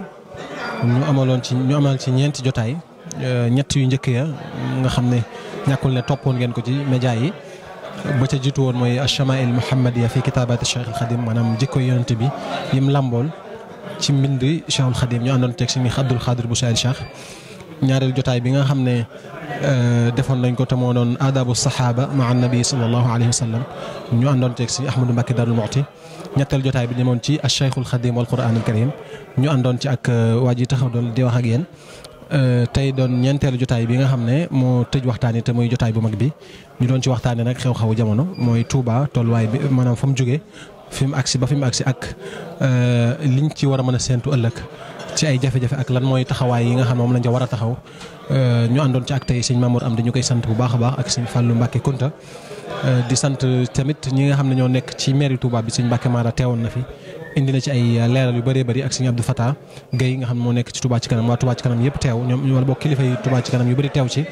ñu amaloon ci ñu ci ñeenti jotaay Euh, ñett yu njëkk ya nga xam ne ñàkkul ne toppoon ngeen ko ci média yi ba ca jiitu woon mooy achamail muhammadiya fi kitaabaati Cheikh Khadim maanaam jikko yonent bi yim làmbool ci mbind Cheikhul Khadim ñu àndoon teg si ni Abdul Xaadir bu Sayd Cheikh ñaareel jotaay bi nga xam ne euh, defoon nañ ko te moo doon aadabu saxaaba ma annabi sallallahu alayhi wa sallam ñu àndoon teg si Ahmadou Mbacke Darou Mouhty ñetteel jotaay bi demoon ci Cheikhul Khadim wal Qur'an al Karim ñu àndoon ci ak euh, waa ji taxaw doon di wax ak yéen Euh, tey doon ñeenteelu jotaay bi nga xam ne moo tëj waxtaanee te mooy jotaay bu mag bi ñu doon ci waxtaanee nag xew-xewu jamono mooy Touba tolluwaay bi maanaam fa mu jógee fi mu agsi ba fi mu agsi ak euh, liñ ci war a mën a séentu ëllëg ci ay jafe-jafe ak lan mooy taxawaay yi nga xam ne moom lañ ca war a taxaw. Euh, ñu àndoon ci ak tey sëñ Mamour Amdi ñu koy sant bu baax a baax ak sëñ fàllu Mbacke Kunta di sant tamit ñi nga xam ne ñoo nekk ci mairie Touba bi sëñ Mbacke Mara teewoon na fi. indi na ci ay euh, leeral yu bëree bëri ak sëñ Abdou Fatah Guèye nga xam moo nekk ci Touba ci kanam waa Touba ci kanam yëpp teew ñoom wala boog kilifa yi Touba ci kanam yu bëri teew ci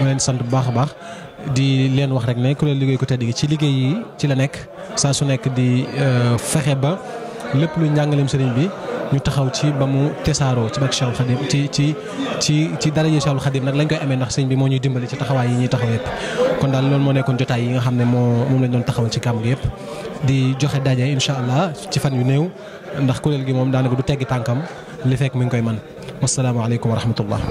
ma sant bu baax a baax di leen wax rek ne kuréel liggéey ko tedd gi ci liggéey ci la nekk saa su nekk di euh, fexe ba lépp lu njàngaleem sëriñ bi ñu taxaw ci ba mu tesaaroo ci bak Cheikhul Khadim ci ci ci ci dara yi Cheikhul Khadim nag lañ koy amee ndax sëriñ bi moo ñuy dimbali ci taxawaay yi ñuy taxaw yëpp kon daal loolu moo nekkoon jotaay yi nga xam ne moom lañ doon taxawal ci kàmm gi yëpp di joxe daje incha allah ci fan yu néew ndax kuréel gi moom daanaka du teggi tànkam li fekk mi ngi koy man wasalaamaaleykum wa rahmatullah